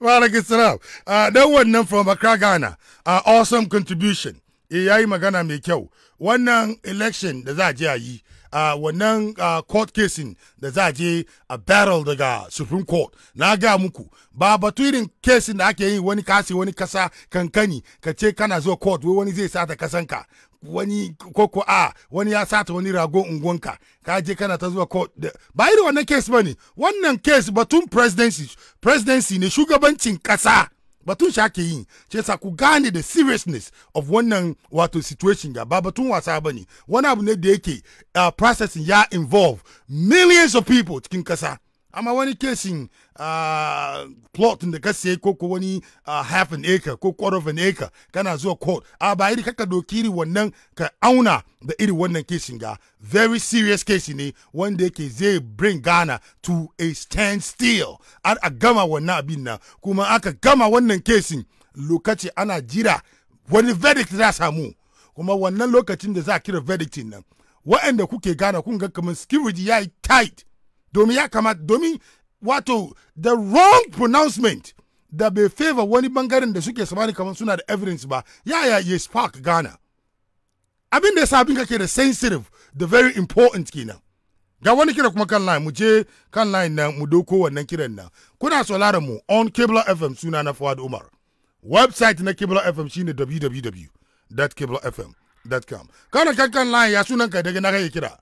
ba ba ka ah, dan wannan from Accra Ghana ah, awesome contribution eh, yayi magana mai kyau wannan election da za a je a yi a wannan court casing da za a je a battle daga supreme court na ga muku ba batu irin casing da ake yi wani kasi wani kasa kankani ka ce kana zuwa court wai wani zai sata kasanka wani koko a wani ya sata wani rago unguwanka ka je kana ta zuwa court ba irin wannan case ba ne wannan case batun presidency presidency ne shugabancin kasa batun shi ake yi shi yasa ku gane the seriousness of wannan wato situation ga ba batun wasa ba ne wani abu ne da yake uh, processing ya involve millions of people cikin kasa amma wani kesin ah, plot da ka siya ko ko wani ah, half an acre ko quarter of an acre kana zuwa court a ba iri kaka doki iri wannan ka auna da iri wannan kesin ga very serious case ne wanda yake zai bring Ghana to a standstill har a gama wannan abin nan kuma aka gama wannan kesin lokaci ana jira wani verdict za samu kuma wannan lokacin da za a kira verdict nan wa'anda kuke gana kun ga kamar security ya yi tight domin ya kamata domin wato the wrong pronouncement da bai favor wani bangaren da suke samani kamar suna da evidence ba ya ya ya spark Ghana abin da ya sa abin kake da sensitive da very important kenan ga wani kira kuma kan line mu je kan line na mu doko wannan kiran nan kuna solara mu on cable FM suna na Fuad Umar website na cable FM shine www.cablefm.com kana kan kan line ya sunan ka daga na kira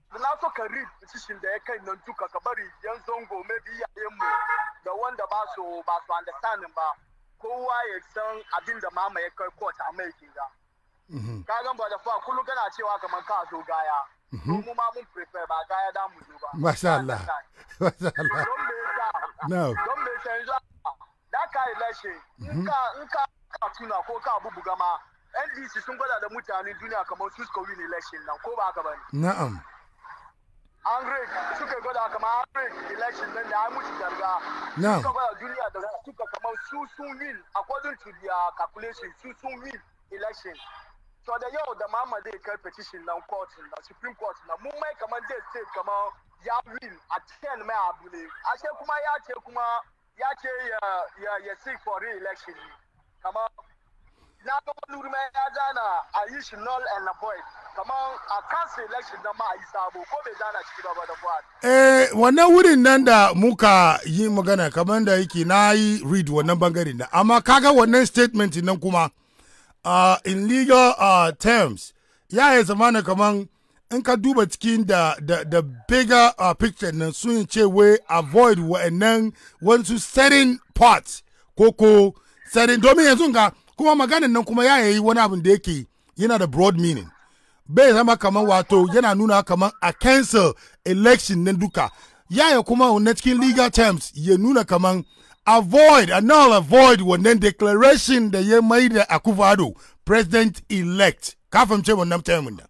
na so ka read decision da ya kai nan duka ka bari yan zongo maybe iyayen mu da wanda ba su ba su understanding ba kowa ya san abin da mama ya kai court a mai kinga mhm. ka gan ba da fa kullu kana cewa kamar ka zo gaya mhm. mu ma mun prefer ba gaya da mu zo ba masha Allah masha Allah no don me sai yanzu da mhm. ka election in ka ka ka tuna ko ka bubuga ma NDC sun gwada da mutanen duniya kamar su suka win election nan ko ba haka bani. na'am an rake suka gwada kama an election nan da an mutu garga suka gwada duniya da suka kamar su sun win according to their calculation su sun win election to da yau da mama zai kai petition nan court na supreme court na mun mai kamar zai state kamar ya win a ten mai abu ne a ce kuma ya ce kuma ya ce ya seek for re-election kamar na ga wani ruma ya zana a yi shi null and void kamar a kansa election na ma a yi sabo ko bai zana shi ba da buhari. eh wannan wurin nan da muka yi magana kamar da yake na yi read wannan bangare na amma kaga wannan statement nan kuma uh, in legal uh, terms ya yi zamana kamar in ka duba cikin da da da bigger uh, picture nan sun ce we avoid wa'annan wasu setting parts ko ko setting domin yanzu ga kuma maganin nan kuma ya yayi wani abin da yake yana da broad meaning bai zama kamar wato yana nuna kamar a cancel election na duka ya yaya kuma na cikin legal terms ya nuna kamar avoid and null avoid wannan declaration da ya mai da akufado president elect kafin ce wannan termin da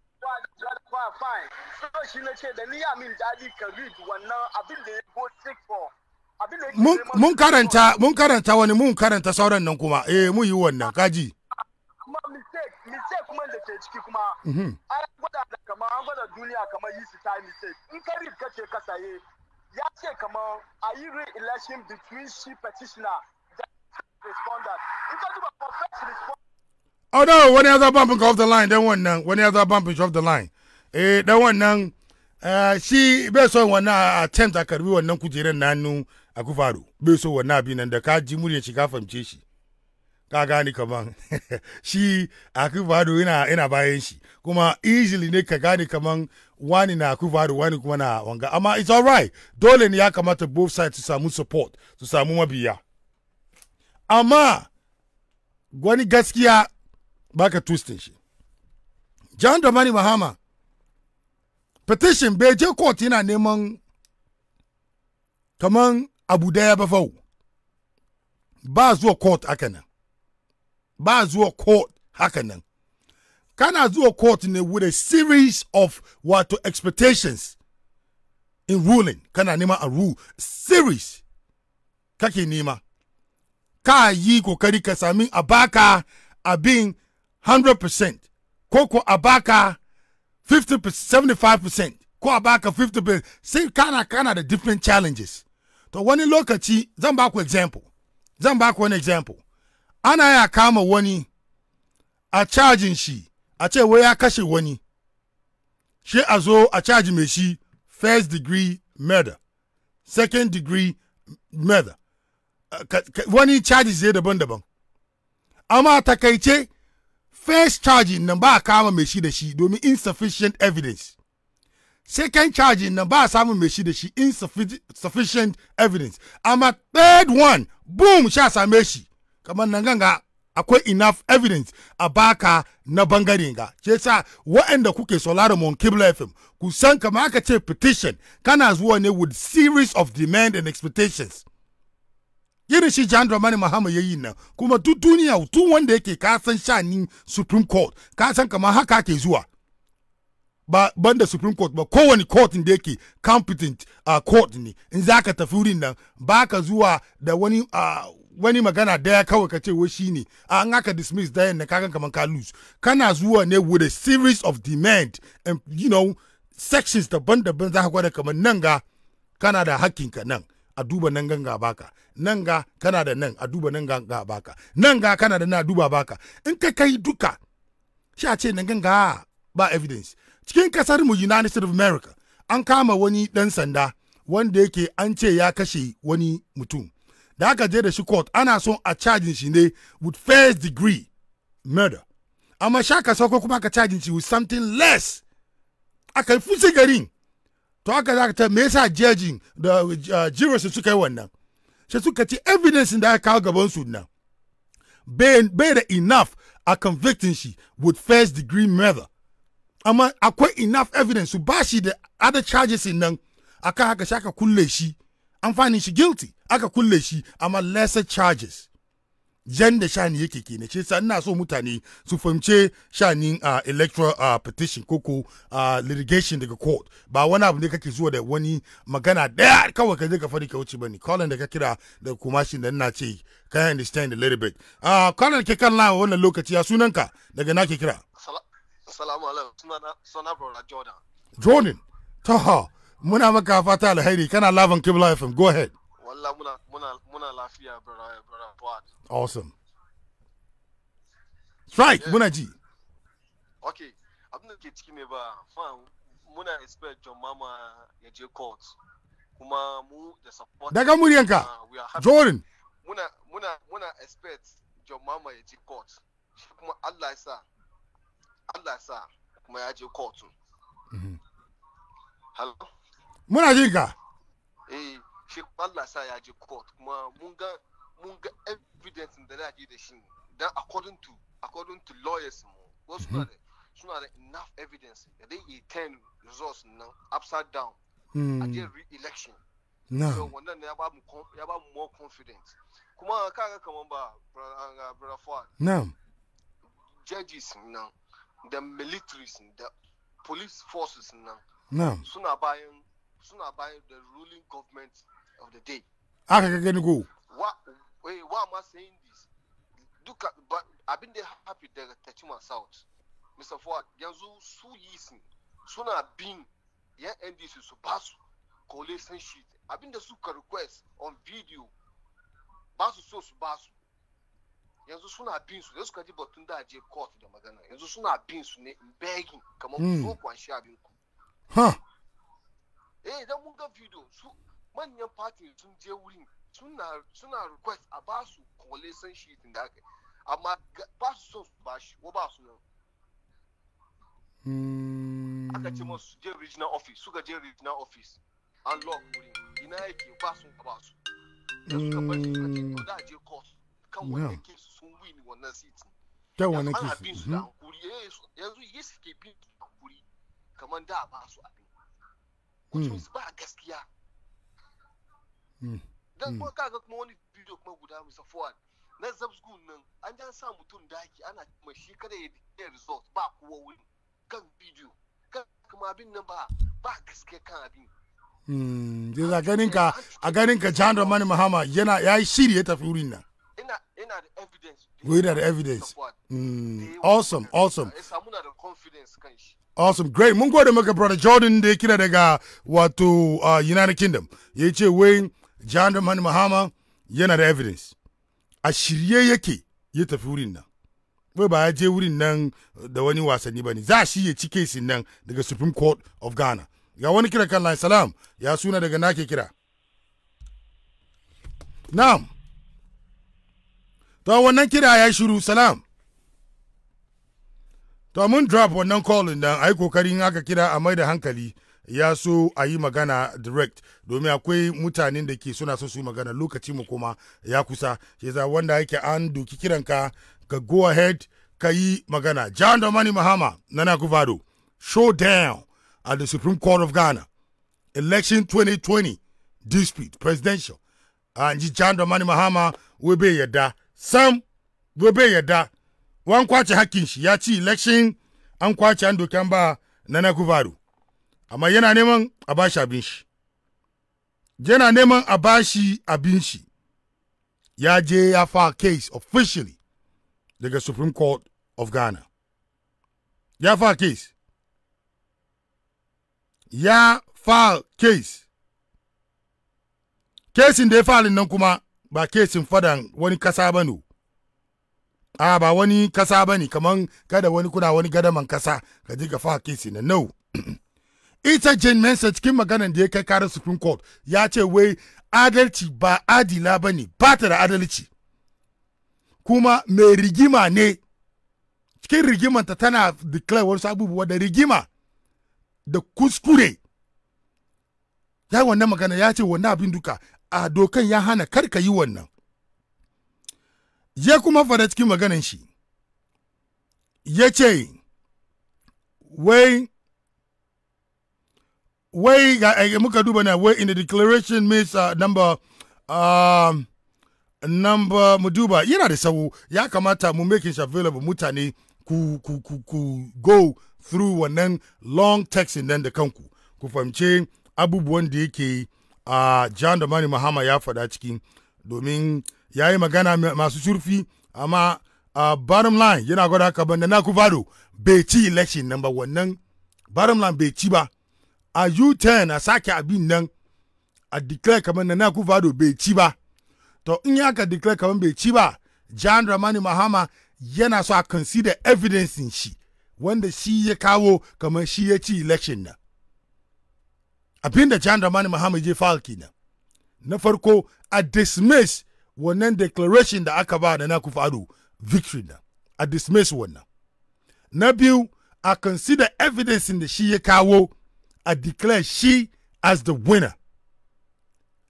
shi na ce da ni amin dadi ka read wannan abin da ya go take mun karanta mun karanta wani mun karanta sauran nan kuma eh mun yi wannan kaji amma mistake mistake kuma da ke ciki kuma mhm. an gwada da kama an gwada duniya kama yi su ta mistake in ka rib kace ka saye ya ce kama a yi re-election between shi petitioner da responder in ka duba for first respondent oh no wani ya za bumping off the line dan wannan wani ya za bumping off the line eh dan wannan eh, shi bai son wannan attempt a karbi wannan kujerar na hannu a faru bai so wannan abin nan da ka ji murya shi ka fahimce shi ka gane kaman shi a kufaru yana yana bayan shi kuma easily ne ka gane kaman wani na faru wani kuma na wanga amma it's alright dole ne ya kamata both sides su samu support su samu mabiya amma wani gaskiya baka twistin shi jan Dramani Mahama petition bai je court yana neman kaman abu daya ba fau ba zuwa court haka nan ba zuwa court haka nan kana zuwa court ne with a series of wato expectations in ruling kana nema a rule series kake nema ka yi kokari ka sami a baka abin 100% ko ko a baka 50 75% ko a baka 50% sai kana kana da different challenges to wani lokaci zan ba ku example zan ba ku wani example ana ya kama wani a cajin shi a ce wai ya kashe wani shi a zo a caji mai shi first degree murder second degree murder wani charges zai daban-daban amma takaice first charging nan ba a kama mai shi da shi domin insufficient evidence second charge na ba samun mai shi da shi insufficient evidence amma third one boom sha same shi kamar nan ganga akwai enough evidence a baka na bangare ga ce sa waɗanda kuke sauraron on kibla fm ku san kama aka ce petition kana zuwa ne with series of demand and expectations irin shi jan Dramani Mahama ya yi nan kuma duk duniya tun wanda yake kasan shani Supreme Court kasan kama haka ke zuwa ba banda supreme court ba kowane court da yake competent uh, court ne in za ka tafi wurin nan ba ka zuwa da wani uh, wani magana daya kawai ka ce wai shine an haka dismiss dayan na kakan kaman ka lose kana zuwa ne with a series of demand and you know sections daban-daban za ka gwada kamar nan ga kana da hakkinka nan a duba nan ganga baka nan ga kana da nan a duba nan ganga baka nan ga kana da nan a duba baka in ka kai duka shi a ce nan ganga ba evidence cikin kasar mu United States of America an kama wani dan sanda wanda yake an ce ya kashe wani mutum da aka je da shi court ana son a cajin shi ne with first degree murder amma sha ka kuma aka cajin shi with something less aka fusi garin to aka za ta me yasa jejin da uh, jirarsu suka yi wannan sai suka ci evidence da aka kawo gaban su nan bai da enough a convicting shi with first degree murder amma akwai enough evidence su ba shi da other charges in nan akan haka shi aka kulle shi an shi guilty aka kulle shi amma lesser charges jan da shani yake kenan shi sa ina so mutane su fahimce shani uh, electoral uh, petition koko uh, litigation daga court ba wani abu ne kake zuwa da wani magana daya kawai ka je ka fari ka wuce bane colin da ka kira da kumashin da ina ce ka understand a little bit uh, colin ke kan lawa wannan lokaci ya sunanka daga na ke kira Assalamu alaikum. Suna brother Jordan. Jordan. Taha. Muna maka fata alheri kana lavan Kibla FM. Go ahead. Wallah muna muna muna lafiya brother brother Fuad. Awesome. Strike yeah. muna ji. Okay. Abin da ke ciki ne ba fan muna expect John Mama ya je court. Kuma mu da support. Daga muryanka. Ah, Jordan. Muna muna muna expect John Mama ya je court. Kuma Allah ya sa Allah sa kuma ya je kotu mhm. hello muna jin ka eh shi Allah sa ya je court kuma mun ga mun ga evidence da na ji da shi dan according to according to lawyers mu wasu na mhm. da suna da enough evidence da dai yi ten results nan upside down a je hmm. re-election na so wannan ne ya ba mu ya ba mu more confidence kuma kaga kaman ba ah, brother Fuad na'am judges nan da militaries da police forces nan suna bayan suna bayan the ruling government of the day aka ga gani go wa eh, wa ma saying this duka abin da ya daga tachima south mr ford yanzu su yi suna bin yan ndc su ba su collation sheet abin da suka request on video ba su so su ba su yanzu suna bin su da suka ji batun da je court da magana yanzu suna bin su ne begging kamar ku hmm. zo kwanci abin ku eh dan mun ga video su manyan party sun je wurin suna suna request a ba su collation sheet da aka amma ba su so su ba shi ko ba su nan hmm. aka ce musu je regional office suka je regional office an lock wurin ina yake ba su ba su da suka bari ka ce to da je court kan hmm. wani ke win wannan season kyan wani kisi abin su da hankuri yanzu yi suke bin su hankuri kamar da ba su abin which hmm. ba gaskiya hmm. dan hmm. kuma kaga kuma wani video kuma guda misa forward na zabsgun nan an jan sa mutum daki ana kuma shi kada ya dike result ba kowa wuri kan video kan kuma abin nan ba ba gaskiya kan abin Mm, a ganin ka a ganin ka John mani Mahama yana yayi shiri ya tafi wurin nan. Ina da evidence we mm. evidence awesome awesome na da confidence kan shi Awesome, great. Mun gode maka brother Jordan da ya kira daga wato uh, United Kingdom. Ya ce wai John Mahama yana da evidence. A shirye yake ya tafi wurin nan. Wai ba ya je wurin nan da wani wasanni ba ne. Za shi ya ci kesin nan daga Supreme Court of Ghana. Ga wani kira kan Salam ya suna daga nake kira. Na'am. to wannan kira ya shiru salam to mun drop wannan callin dan ai kokarin aka kira a mai da hankali ya so a yi magana direct domin akwai mutanen da ke suna so su yi magana lokaci mu kuma ya kusa shi za wanda yake an doki kiran ka ka go ahead ka yi magana john domani mahama na show showdown at the supreme court of ghana election 2020 dispute presidential and ji john domani mahama wai bai yadda sam bai yarda wan kwace hakkin shi ya ci election an kwace an doki an ba na nakubaru amma yana neman a bashi abin shi yana neman a bashi abin shi ya je ya fa case officially daga supreme court of ghana ya fa case ya fa case kesin da ya fa nan kuma ba kesin fadan wani kasa ba ne a ba wani kasa ba ne kamar kada wani kuna wani gadaman kasa ka ji gafa kesi na no ita jane mensa cikin maganan da ya kai kara supreme court ya ce wai adalci ba adila ba ne ba ta da adalci kuma mai rigima ne cikin rigimanta tana declare wasu abubuwa da rigima da kuskure ya wannan magana ya ce wannan abin duka a dokan ya hana kar ka yi wannan ya kuma fada cikin maganan shi ya ce wai wai ga muka duba na wai in the declaration means uh, number uh, number mu duba yana da sawo ya kamata mu making available mutane ku ku ku ku go through wannan long text nan da kanku ku fahimce abubuwan da yake a John Dramani Mahama ya faɗa ciki domin ya yi magana masu shurfi amma uh, bottom line yana gwada haka banda na kufado bai ci election nan ba wannan bottom line bai ci ba a U10 a sake abin nan a declare kamar na na kufado bai ci ba to in ya ka declare kamar bai ci ba John mani Mahama yana so a consider evidence shi wanda shi ya kawo kamar shi ya ci election nan abin da John Muhammad Mahama je fara kenan na farko a dismiss wannan declaration da aka ba da na kufado victory na a dismiss wannan na biyu a consider evidence da shi ya kawo a declare shi as the winner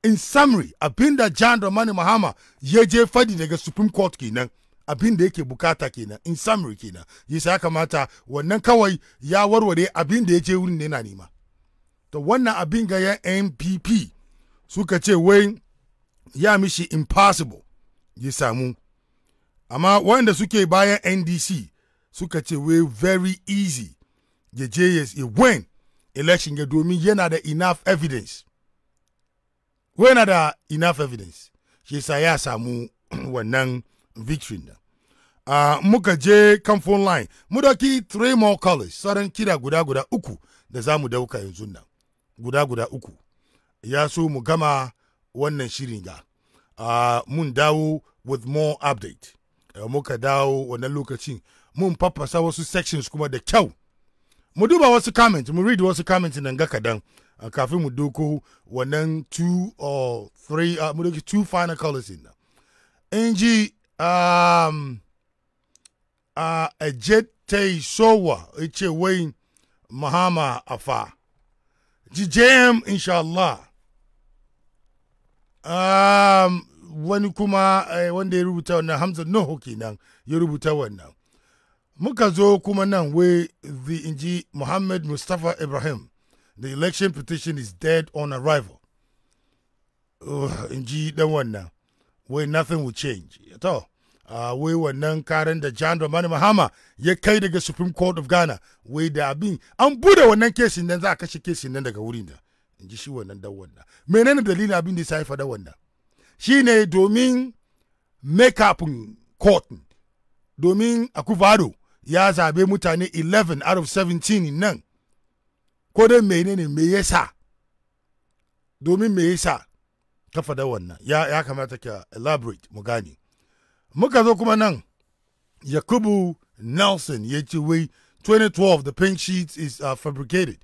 in summary abin da John Muhammad ya je fadi daga Supreme Court kenan abin da yake bukata kenan in summary kenan yasa ya kamata wannan kawai ya warware abin da ya je wurin ne na nema to wannan abin ga ya npp suka ce wai ya mishi impossible ya samu amma wanda suke bayan ndc suka ce wai very easy ya je ya win election ya domin yana da enough evidence wai na da enough evidence shi sa ya samu wannan victory da uh, ah, muka je kan phone line mu doki three more colors sauran kira guda guda uku da za mu dauka yanzu nan guda guda uku ya so mu gama wannan shirin ga uh, mun dawo with more update uh, muka dawo wannan lokacin mun faffasa wasu sections kuma da kyau mu duba wasu comment mu read wasu comment nan ga kadan uh, kafin mu doko wannan two or three uh, mu doki two final colors in na in ji um, uh, sowa taisowa ce wai mahama afa JJM inshallah um, wani kuma eh, wanda ya rubuta wannan Hamza Nuhu kenan ya rubuta wannan muka zo kuma nan we the inji Muhammad Mustafa Ibrahim the election petition is dead on arrival uh, inji dan wannan we nothing will change at all Ah, wai wannan Karen da John Dramani Mahama ya kai daga Supreme Court of Ghana wai da abin an bude wannan kesin nan za a kashe kesin nan daga wurin da in ji shi wannan dan wannan menene dalilin abin da ya haifa da wannan shine domin make up court domin Akufado ya zabe mutane 11 out of 17 nan ko dai menene me yasa domin me yasa ta fada wannan ya, kamata ka elaborate mu gane muka zo kuma nan yakubu nelson ya ce wai 2012 the pink sheets is uh, fabricated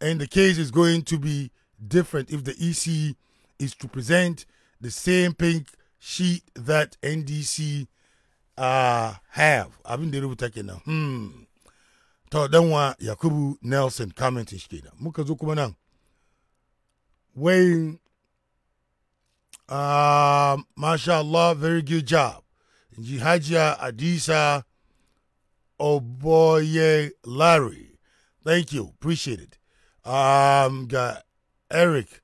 and the case is going to be different if the ec is to present the same pink sheet that ndc uh, have abin da rubuta kenan hmm to danwa yakubu nelson commenting shi kenan muka zo kuma nan uh, masha allah very good job ji hajiya adisa oboye larry thank you appreciate it um, ga eric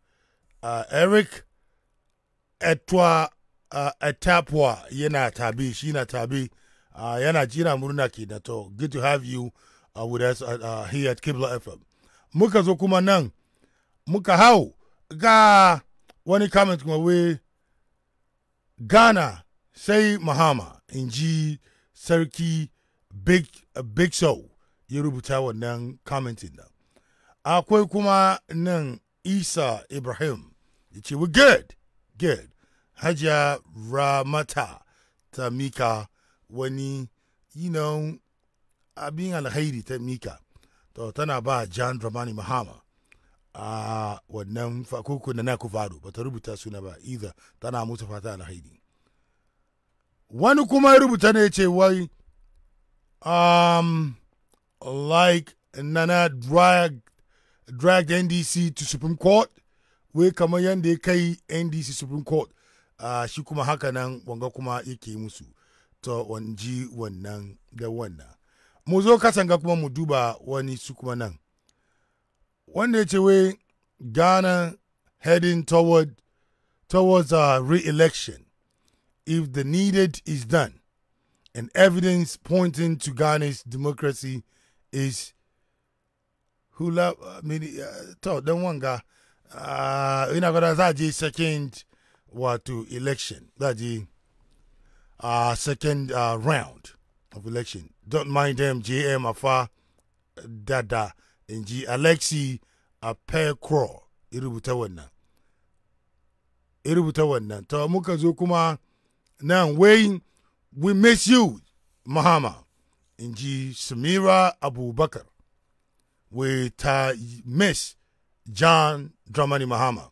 uh, eric etwa uh, etapwa yana tabi shi na tabi uh, yana jina murna ke da to good to have you uh, with us at, uh, uh, here at kibla fm muka zo kuma muka hau ga wani comment kuma we ghana sai mahama in ji sarki big, big show ya rubuta wannan commenting da akwai kuma nan isa ibrahim ya ce we good good hajiya ramata ta mika wani you know abin alhairi ta mika to tana ba jan dramani mahama a wannan fakoko na naku faru ba ta rubuta suna ba either tana mutu fata alhairi wani kuma ya rubuta ne ce wai um, like nana drag ndc to supreme court wai kamar yadda ya kai ndc supreme court uh, shi kuma haka nan wanga kuma yake musu to wanji wannan da wannan mu zo kasanga kuma mu duba wani su kuma nan wanda ya ce wai ghana heading toward towards a re-election if the needed is done and evidence pointing to Ghana's democracy is hula uh, media uh, to wanga uh, ina za je second wato election za je uh, second uh, round of election don't mind them jm afa dada in ji alexi apekro irubuta wannan irubuta wannan to muka zo kuma Now, Wayne, we miss you, Muhammad. Inji Samira Abu Bakr. We ta miss John Dramani Muhammad.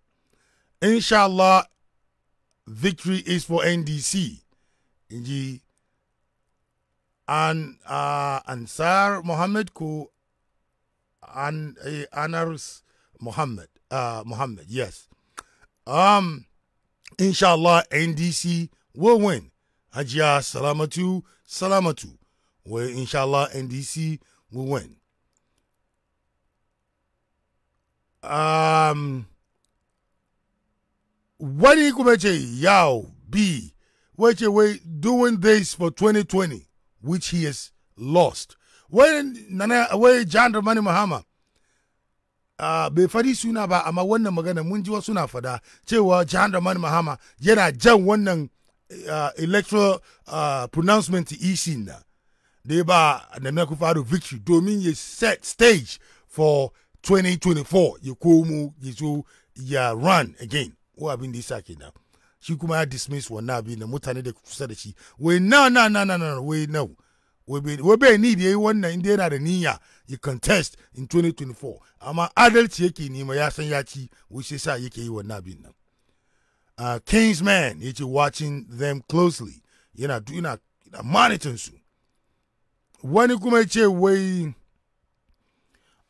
Inshallah, victory is for NDC. Inji an uh, Ansar Muhammad ku an eh, uh, Anars Muhammad uh, Muhammad yes um inshallah NDC will win. Salamatu Salamatu, where inshallah NDC will win. Um, wani kuma ce yao b wace wai doing this for 2020 which he has lost When nana wai John Dramani Mahama uh, bai fari suna ba amma wannan magana mun ji wasu na fada cewa John Mahama yana jan wannan uh, electoral uh, pronouncement EC na da ya ba Nana akufo victory domin ya set stage for 2024 ya komo ya zo ya run again ko abin da ya sa kenan shi kuma ya dismiss wannan abin da mutane da kusa da shi wai na na na na na wai na wai bai ni da yi wannan inda yana da niyya ya contest in 2024 amma adalci yake nema ya san ya ci wai sai sa yake yi wannan abin nan uh, Kingsman ya ce watching them closely yana yana monitoring su wani kuma ya ce wai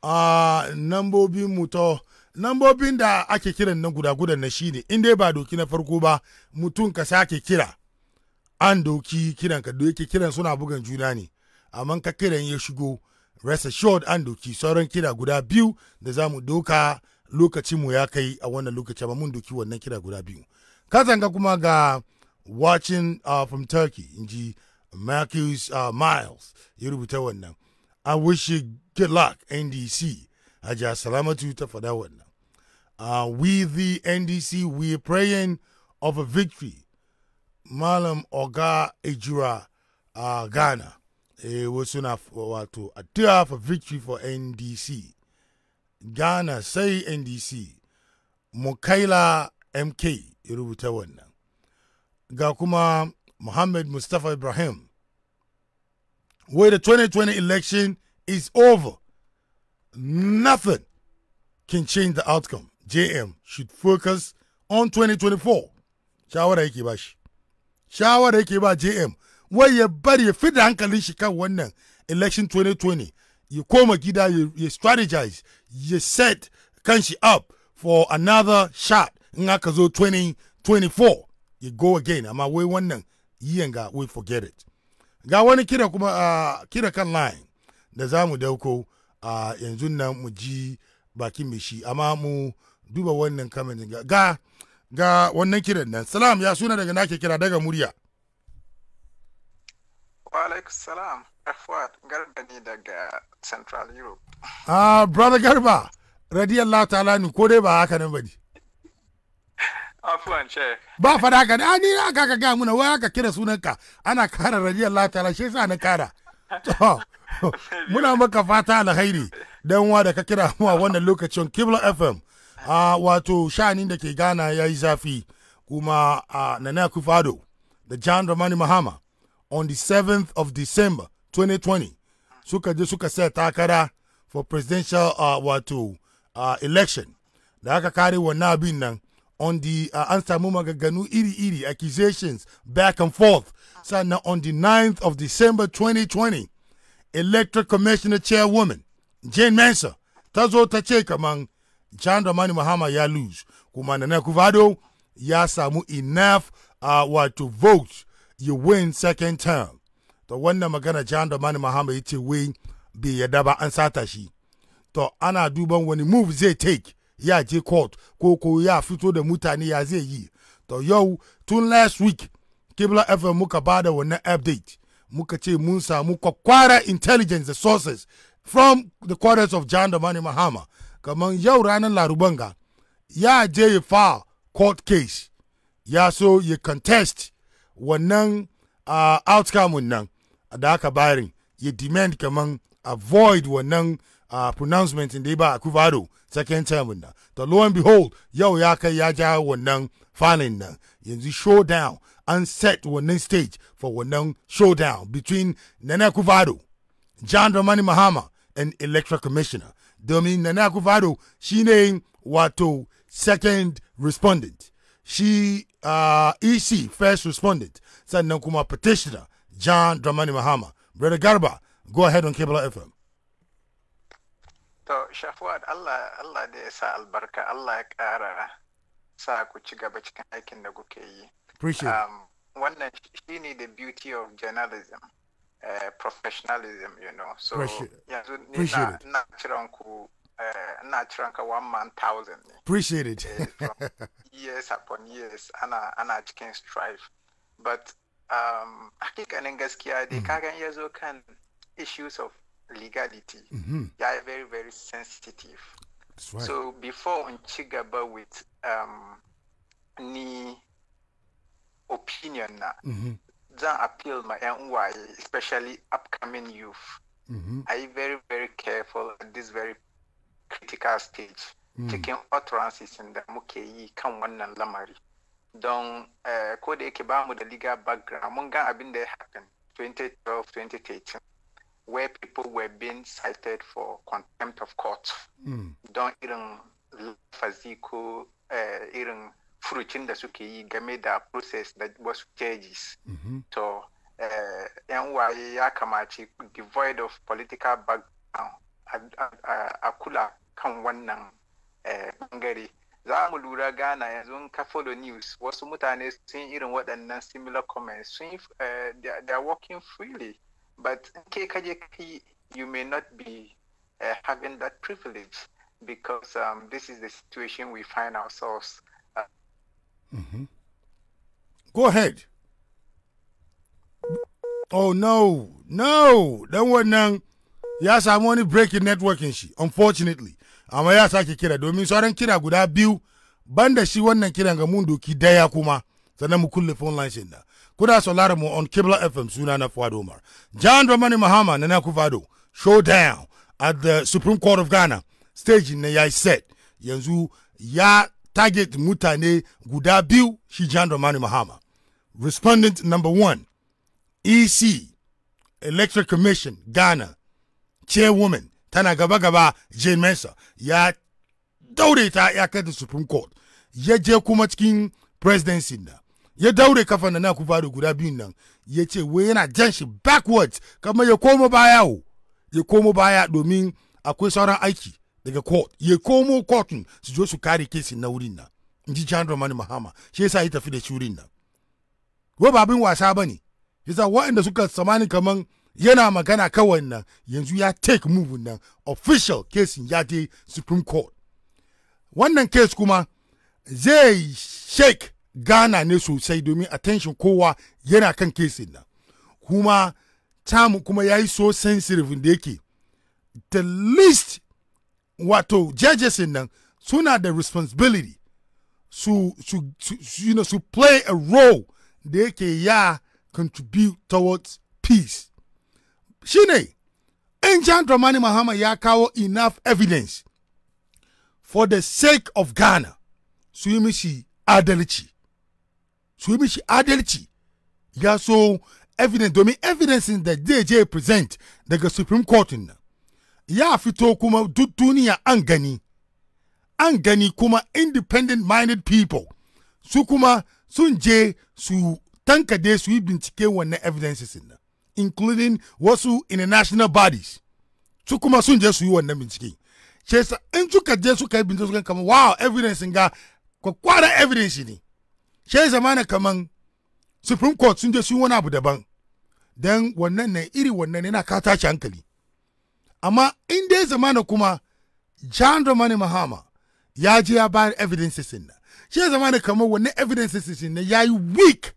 uh, nambobin mutu nambobin da ake kiran nan guda-gudan na shine in dai ba doki na farko ba mutum ka sake kira an doki kiran ka yake kiran suna bugan juna ne amma ka kiran ya shigo rest assured an doki sauran kira guda biyu da za mu doka mu ya kai a wannan lokaci ba mun doki wannan kira guda biyu ka zanga kuma ga watching uh, from turkey in ji marcus uh, miles ya rubuta wannan i wish you good luck ndc hajiya salamatu ta faɗa wannan uh, we the ndc we are praying of a victory malam oga ejura uh, ghana e, wasu na wato addu'a for victory for ndc ghana sai ndc mukaila mk ya rubuta wannan ga kuma muhammad mustapha ibrahim where the 2020 election is over nothing can change the outcome jm should focus on 2024 shawara yake ba shi shawara yake ba jm wai ya bari ya fi da hankalin shi kan wannan election 2020 ya koma gida ya strategize ya set kanshi up for another shot in aka zo 2024 ya go again amma wai wannan yiyan ga we forget it ga wani kira kuma uh, kira kan line da za mu dauko a uh, yanzu nan mu ji bakin mai shi amma mu duba wannan kamar ga ga wannan kiran nan salam ya suna daga nake kira daga murya salam Afwat Garba ne daga Central Europe. Ah, brother Garba, radiyallahu ta'ala ni ko dai ba haka nan ba ne. Afwan Ba fada haka ne, ah, ni na aka ga muna wai aka kira sunanka ana kara radiyallahu ta'ala shi yasa na kara. Muna maka fata alkhairi dan wa da ka kira mu a wannan lokacin Kibla FM. Ah, wato shanin da ke ya yi zafi kuma ah, Nana Kufado da John Romani Mahama. on the 7th of December 2020 suka je suka saya takara for presidential uh, wato uh, election da aka kare wannan abin nan on the uh, an samu magaganu iri-iri accusations back and forth sannan on the 9th of December 2020 electoral commissioner chairwoman Jane Mensa ta zo ta ce kaman John Dramani Mahama ya lose kuma Nana Kuvado ya samu enough uh, wato vote. you win second term to wannan magana John Dramani Mahama ya ce wai bai yarda ba an sata shi to ana duban wani move zai take ya je court ko ko ya fito da mutane ya zai yi to yau tun last week kibla fm muka ba da wannan update muka ce mun samu kwakwara intelligence the sources from the quarters of john mani mahama kamar yau ranar laruban ga ya je ya file court case ya so ya contest wannan uh, outcome nan da aka bayarin ya demand kaman avoid wannan uh, pronouncement da ya ba Akufado second term nan to lo and behold yau ya kai ya ja wannan filing nan yanzu showdown an set wannan stage for wannan showdown between Nana Akufado John Mahama and Electoral Commissioner domin Nana Akufado shine wato second respondent She, uh, EC first respondent, said, kuma petitioner John Dramani Mahama. Brother Garba, go ahead on Kebla FM. So, Shafwat Allah Allah de ya sa albarka Allah ya sa kuchiga ci gaba cikin aikin da kuke Appreciate um, Wannan shi ne the beauty of journalism, uh, professionalism, you know. So yanzu Appreciate na kiran ku Eh, na one man thousand appreciate it eh, years upon years and I can strive but um hakikanin gaskiya dai mm. kagan ya zo kan issues of legality mm-hmm. very very sensitive That's right. so before in chigaba with um ni opinion na mm-hmm. appeal my yan uwaye especially upcoming youth mm-hmm. are very very careful at this very critical stage hmm. cikin utterances da muke yi kan wannan lamari don eh, ko da yake bamu da legal background mun ga abin da ya happen 2012-2013 where people were being cited for contempt of court mm. don irin faziko uh, eh, irin furucin da suke yi game da process da wasu charges. mm -hmm. to eh, yan uh, waye ya devoid of political background a kula kan wannan eh, bangare za mu lura gana yanzu in ka follow news wasu mutane sun irin waɗannan similar comments sun yi eh, they are working freely but in ke kaje kai you may not be uh, having that privilege because um, this is the situation we find ourselves. Uh, mm -hmm. Go ahead. Oh no, no, that one now. Yes, I'm only breaking networking. She, unfortunately, amma ya sake kira domin sauran kira guda biyu banda shi wannan kiran ga mun doki daya kuma sannan mu kulle phone line shin da kuna saurara mu on Kibla FM suna na Fuad Omar John Dramani Mahama na Nakufado showdown at the Supreme Court of Ghana stage ne ya set yanzu ya target mutane guda biyu shi John Dramani Mahama respondent number one EC Electoral Commission Ghana chairwoman tana gaba-gaba jane mensa ya daure ta ya kai da supreme court ya je kuma cikin presidency na ya daure kafa na naku faru guda biyun nan ya ce wai yana jan shi backwards kamar ya komo baya o ya komo baya domin akwai sauran aiki daga court ya komo court su zo su kare kesin na wurin nan in ji john romani mahama shi yasa ya tafi da shi wurin nan wai ba abin wasa ba ne yasa waɗanda suka tsammani kaman yana magana kawai nan yanzu ya take move nan official kesin ya je supreme court wannan case kuma zai shake ghana ne sosai domin attention kowa yana kan case nan kuma tamu kuma ya yi so sensitive da yake the least wato judges nan suna da responsibility su, su, su, you know, su play a role da yake ya contribute towards peace shine in Dramani Mahama ya kawo enough evidence for the sake of Ghana su yi mishi adalci su yi mishi adalci ya so evidence domin evidence da JJ present daga Supreme Court na ya fito kuma duk duniya an gani an gani kuma independent minded people su kuma sun je su tankade su yi bincike wannan evidence nan including wasu international bodies su kuma sun je su yi wannan bincike ce sa in suka je suka yi bincike suka kama wow evidence ga kwakwara evidence ne ce zamana kaman supreme court sun je su yi wani abu daban don wannan na iri wannan yana ka tashi hankali amma in dai zamana kuma john romani mahama ya je ya bayar evidences din nan shi zamana kamar wannan evidences din nan yi weak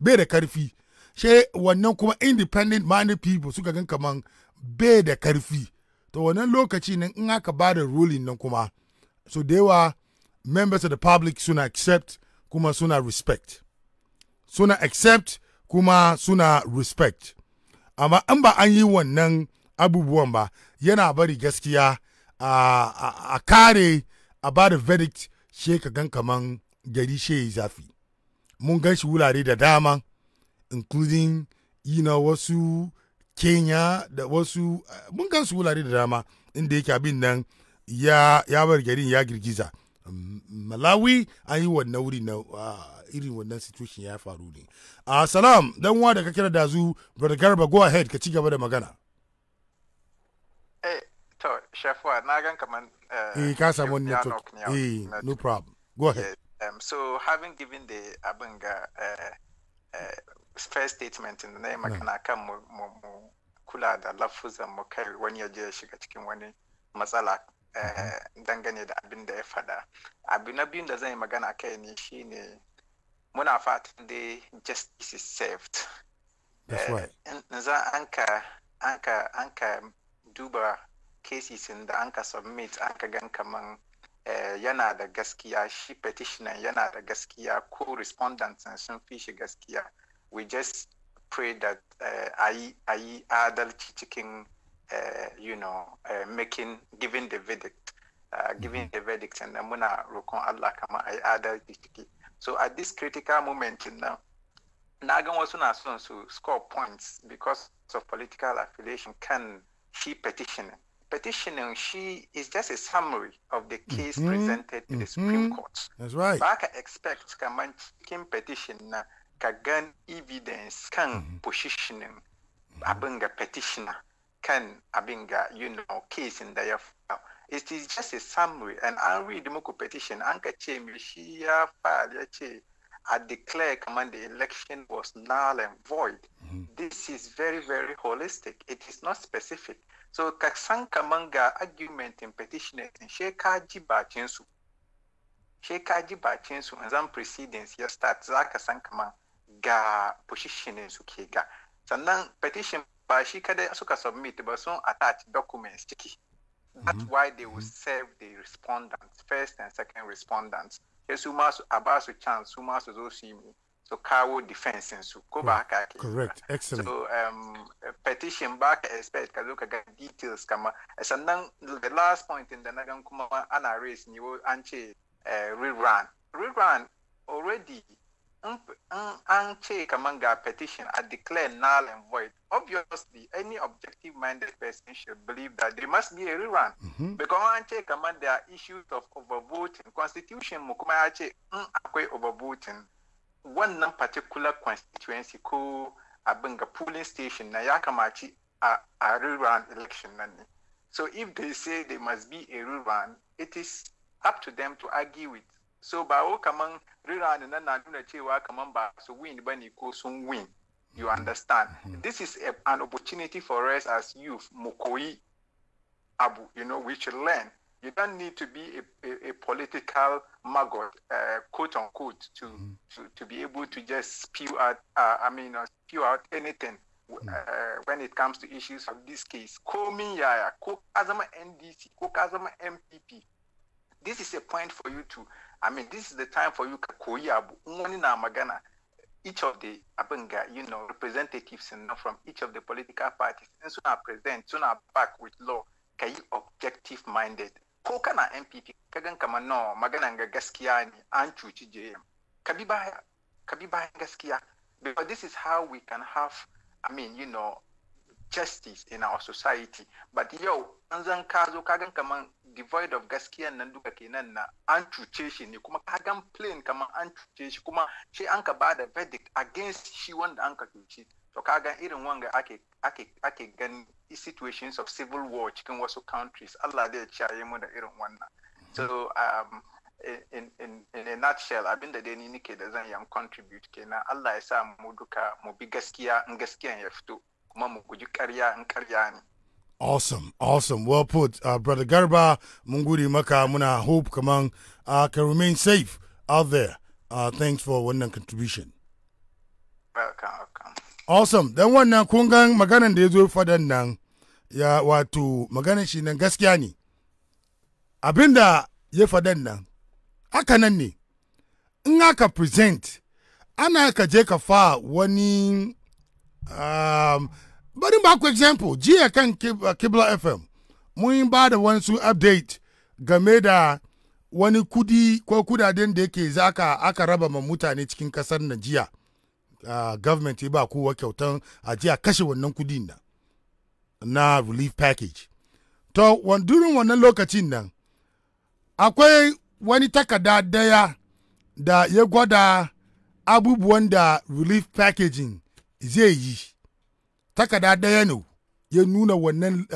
bai da karfi she wannan kuma independent minded people suka gan kaman bai da karfi to wannan lokaci nan in aka ba da ruling nan kuma so da yawa members of the public suna accept kuma suna respect suna accept kuma suna respect amma in ba an yi wannan abubuwan ba yana bari gaskiya a kare a ba da verdict she ka gan kaman gari she yi zafi mun gan shi wurare da dama including you know, wasu kenya da wasu mun gan su wulare da dama inda yake abin nan ya ya bar garin ya girgiza um, malawi an yi wannan wuri na irin wannan situation ya faru ne a salam dan wa da ka kira dazu brother garba go ahead ka ci gaba da magana eh to shafuwa na gan kaman eh, eh ka samu network eh no problem go ahead eh, um, so having given the abin ga uh, first statement na yi magana kan mu kula da lafuzan mu kai wani ya je ya shiga cikin wani matsala eh, dangane da abin da ya faɗa abu na biyun da zan yi magana kai ne shine muna fatan da justice is saved eh, za an ka duba cases da an ka submit an ka gan kaman Eh, yana da gaskiya shi petitioner yana da gaskiya ko respondents sun fi shi gaskiya we just pray that eh, a yi adalci cikin eh, you know making giving the verdict uh, giving the verdict and muna roƙon Allah kamar I add adalci ciki so at this critical moment now na was wasu na son score points because of political affiliation kan shi petitioning petitioner, she is just a summary of the mm-hmm. case mm-hmm. presented to mm-hmm. the Supreme mm-hmm. Court. That's right. But I can expect Kamanchikin mm-hmm. petitioner kagan evidence can mm-hmm. abinga petitioner can abinga you know case in the it is just a summary and I read the Moko petition anka she file I declare command the election was null and void. Mm-hmm. This is very, very holistic. It is not specific. so ka san kaman ga argumentin petitioners she ka ji bacin su she ka ji bacin su in zan precedence ya start za ka san kaman ga positioning su ke ga sannan petition ba shi kada suka submit ba sun attach documents ciki that's mhm. why they will serve the respondents first and second respondents sai su ma su a ba su chance su ma su zo su yi so cow defense and so go back correct excellent so um petition back expect ka look at details kama and the last point in the nagan kuma ana race ni wo anche eh, rerun rerun already anche kamanga petition I declare null and void obviously any objective minded person should believe that there must be a rerun mm-hmm. because anche kama there are issues of overvoting constitution mukuma anche akwe overvoting wannan particular constituency ko abin ga polling station na ya kamaci a rural election nan ne so if they say they must be a rural it is up to them to argue with so ba wo kaman rural nan na nuna cewa kaman ba su win ba ne ko sun win you mm-hmm. understand mm -hmm. this is a, an opportunity for us as youth mu abu you know we should learn you don't need to be a, a, a political maggot, uh, quote unquote, to, mm-hmm. to, to be able to just spew out. Uh, I mean, uh, spew out anything uh, mm-hmm. when it comes to issues of this case. Komi Yaya, Kokazama NDC, Kokazama MPP. This is a point for you to. I mean, this is the time for you. Koyabu, Magana each of the Abenga, you know, representatives and from each of the political parties, and soon are present, soon are back with law, can you objective minded ko kana npp ka gan kamar no maganan ga gaskiya ne an cuci jm ka bi baya ka bi bayan gaskiya because this is how we can have i mean you know justice in our society but yau an zan ka zo ka gan kamar devoid of gaskiya nan duka kenan na an cuce shi ne kuma ka gan plain kamar an cuce shi kuma shi an ka ba da verdict against shi wanda an ka cuce to kaga irin wanga ake ake ake gani situations of civil war cikin wasu countries Allah zai ciyaye mu da irin wannan so um, in, in, in a nutshell abinda dai ni nike da zan yan contribute kenan Allah ya sa mu duka mu bi gaskiya in gaskiyan ya fito kuma mu guji karya in karya ne Awesome, awesome. Well put. Uh, Brother Garba, munguri maka muna hope kaman uh, can remain safe out there. Uh, thanks for wannan contribution. Welcome, welcome. awesome dan wannan kun gan maganan da ya zo fadan nan ya wato maganan shi nan gaskiya ne abin da ya fadan nan haka nan ne in aka present ana ka je ka fa wani um, bari ba ku example jiya kan kibla fm mun ba da wasu update game da wani kudi ko kudaden da yake zaka aka raba ma mutane cikin kasar najiya government ya ba kowa kyautan a kashe wannan kudin nan na relief package to durin wannan lokacin nan akwai wani takarda daya da ya gwada abubuwan da relief packaging zai yi takarda daya ne ya nuna wannan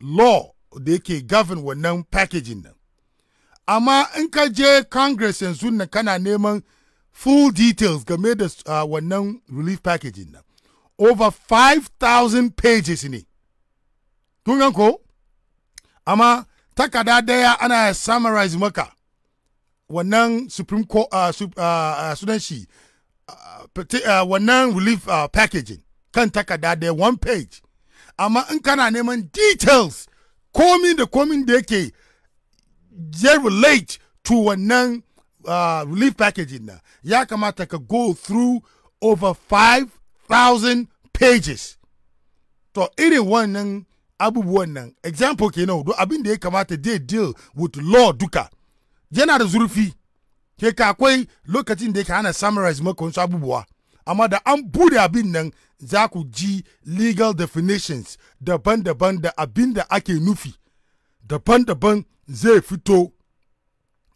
law da yake govern wannan packaging nan amma in ka je congress yanzu nan kana neman full details game da uh, wannan relief packaging nan over 5000 pages ne kun ko amma takada daya ana summarize maka wannan supreme court uh, ah, su, uh, sunan shi uh, uh, wannan relief uh, packaging kan takada daya one page amma in kana neman details komi da komin da yake ya relate to wannan uh, relief packaging nan ya kamata ka go through over 5,000 pages to irin wannan abubuwan nan example kenan don abin da ya kamata dey deal with law duka yana da zurfi ke ka akwai lokacin da yake ana summarize maka wasu abubuwa amma da an bude abin nan za ku ji legal definitions daban-daban da abin da ake nufi daban-daban zai fito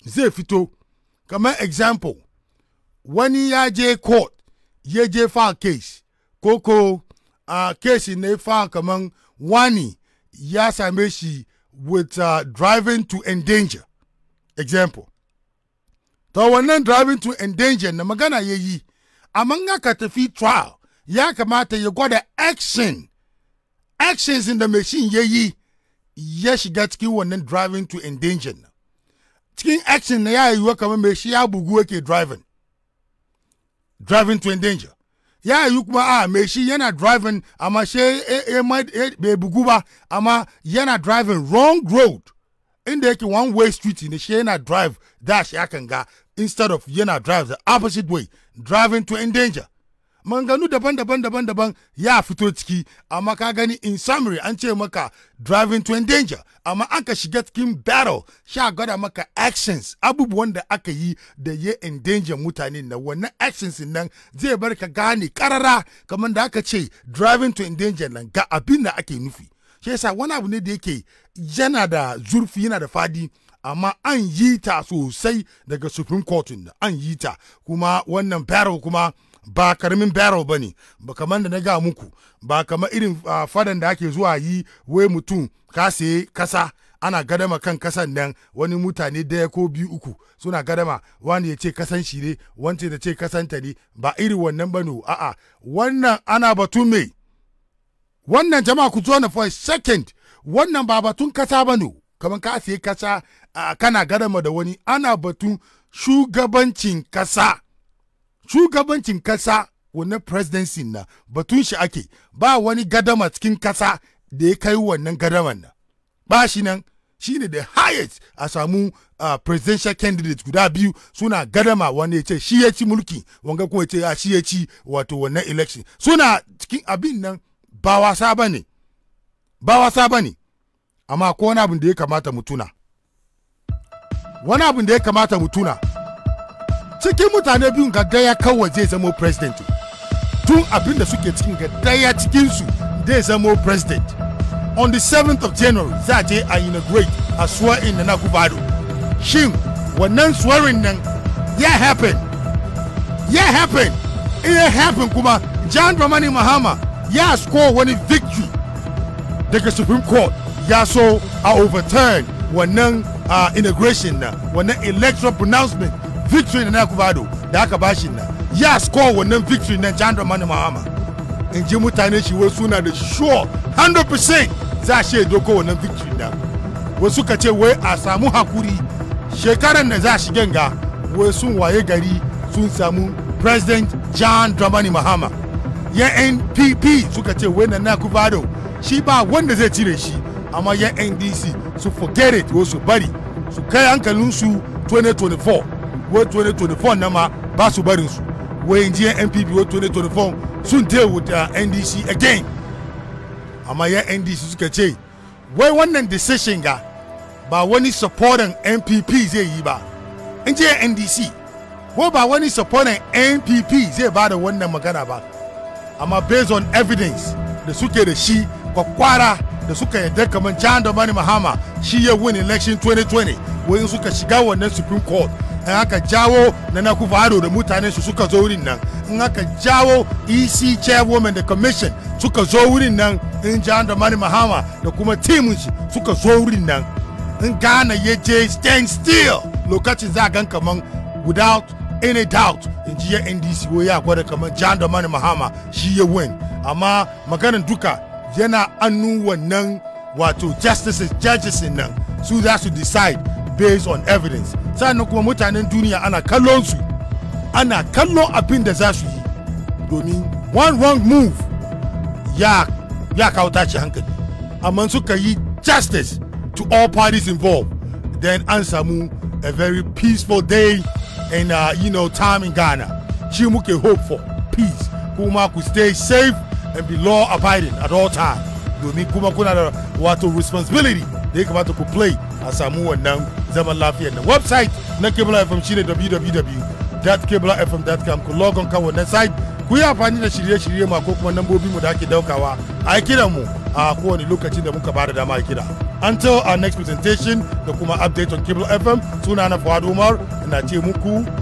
zai fito kamar example wani ya je court ya je fa case ko ko a case ne fa kamar wani ya same shi with uh, driving to endanger example to wannan driving to endanger na magana ya yi amma aka tafi trial ya kamata ya gwada action actions the machine ya yi ya shiga cikin wannan driving to endanger na cikin action na ya kamar mai shi ya bugu yake driving driving to endanger ya yiwu kuma a mai shi yana driving amma shi e, e, e, bai bugu ba amma yana driving wrong road inda yake one way street ne shi yana drive dash ya kan ga instead of yana drive the opposite way driving to endanger manganu daban-daban daban-daban ya fito ciki amma ka gani in summary an ce maka driving to danger amma an ka shiga cikin battle sha gwada maka actions abubuwan da aka yi da ya endanger mutane na wannan actions nan zai bar ka gane karara kamar da aka ce driving to danger nan ga abin da ake nufi shi yasa wani abu ne da yake yana da zurfi yana da fadi amma an yi ta sosai daga supreme court an yi ta kuma wannan battle kuma ba karamin barrel ba ne ba kamar da na ga muku ba kamar irin fadan da ake zuwa yi wai mutum ka sayi kasa ana gadama kan kasan nan wani mutane daya ko biyu uku suna gadama wani ya ce kasan shi ne wance da ce ta ne ba irin wannan ba ne a'a wannan ana batun mai wannan jama'a ku zo na for second wannan ba batun kasa ba ne kamar ka sayi kasa kana gadama da wani ana batun shugabancin kasa shugabancin kasa wannan presidency na batun shi ake ba wani gadama cikin kasa da ya kai wannan gadaman nan ba shi nan shi ne da highest a samu uh, presidential candidate guda biyu suna gadama wani ya ce shi ya ci mulki wanga kuma ya ce shi ya ci wato wannan election suna cikin abin nan ba wasa ba ne ba wasa ba ne amma ko wani abin da ya kamata mu tuna wani abin da ya kamata mu tuna cikin mutane biyun ga daya kawai zai zamo president tun abin da suke cikin ga daya cikinsu zai zamo president on the 7th of january za je a inaugurate a swear in na kubado shin wannan swearing nan ya happen ya happen in ya happen kuma john dramani mahama ya score wani victory daga supreme court ya so a overturn wannan uh, inauguration na wannan electoral pronouncement victory na Kubado da aka bashi na ya score wannan victory na Chandra Mani Mahama in ji mutane shi wai suna da sure 100% za a shaido ko wannan victory da wasu ka ce wai a samu hakuri shekaran da za a shigen ga wai sun waye gari sun samu president John Dramani Mahama ya NPP suka ce wai na Kubado shi ba wanda zai cire shi amma ya NDC su forget it wasu bari su so, kai hankalinsu 2024 wai 2024 nama ma ba su barin su npp wai 2024 sun te wuta ndc again amma ya ndc suka ce wai wannan decision ga ba wani supporting npp zai yi ba in ndc wai ba wani supporting npp zai ba da wannan magana ba amma based on evidence da suke da shi kwakwara da suka yarda kamar john domani mahama shi ya win election 2020 wayin suka shiga wannan supreme court in aka jawo na na kufaro da mutane su suka zo wurin nan in aka jawo ec chairwoman da commission suka zo wurin nan in jihar da mani mahama da kuma timin shi suka zo wurin nan in ghana ya je stand still lokacin za gan kaman without any doubt in ji ya ndc wo ya gwada kaman jihar da mani mahama shi ya win amma maganin duka yana annu wannan wato justices judges nan su za su decide based on evidence sannan kuma mutanen duniya ana kallon su ana kallon abin da za su yi domin one wrong move ya ya kawo tashi hankali amma suka yi justice to all parties involved then an samu a very peaceful day and uh, you know time in Ghana shi muke hope for peace kuma ku stay safe and be law abiding at all time domin kuma kuna da wato responsibility da ya kamata ku play a samu wannan zaman lafiyar nan website na kibla fm shine www.kiblafm.com ku log on kan wannan site ku yi amfani da shirye-shirye ma ko kuma nambobi mu da ake daukawa a kiran mu a kowane lokacin da muka ba dama a kira until our next presentation da kuma update on kibla fm suna na fawad umar ina ce muku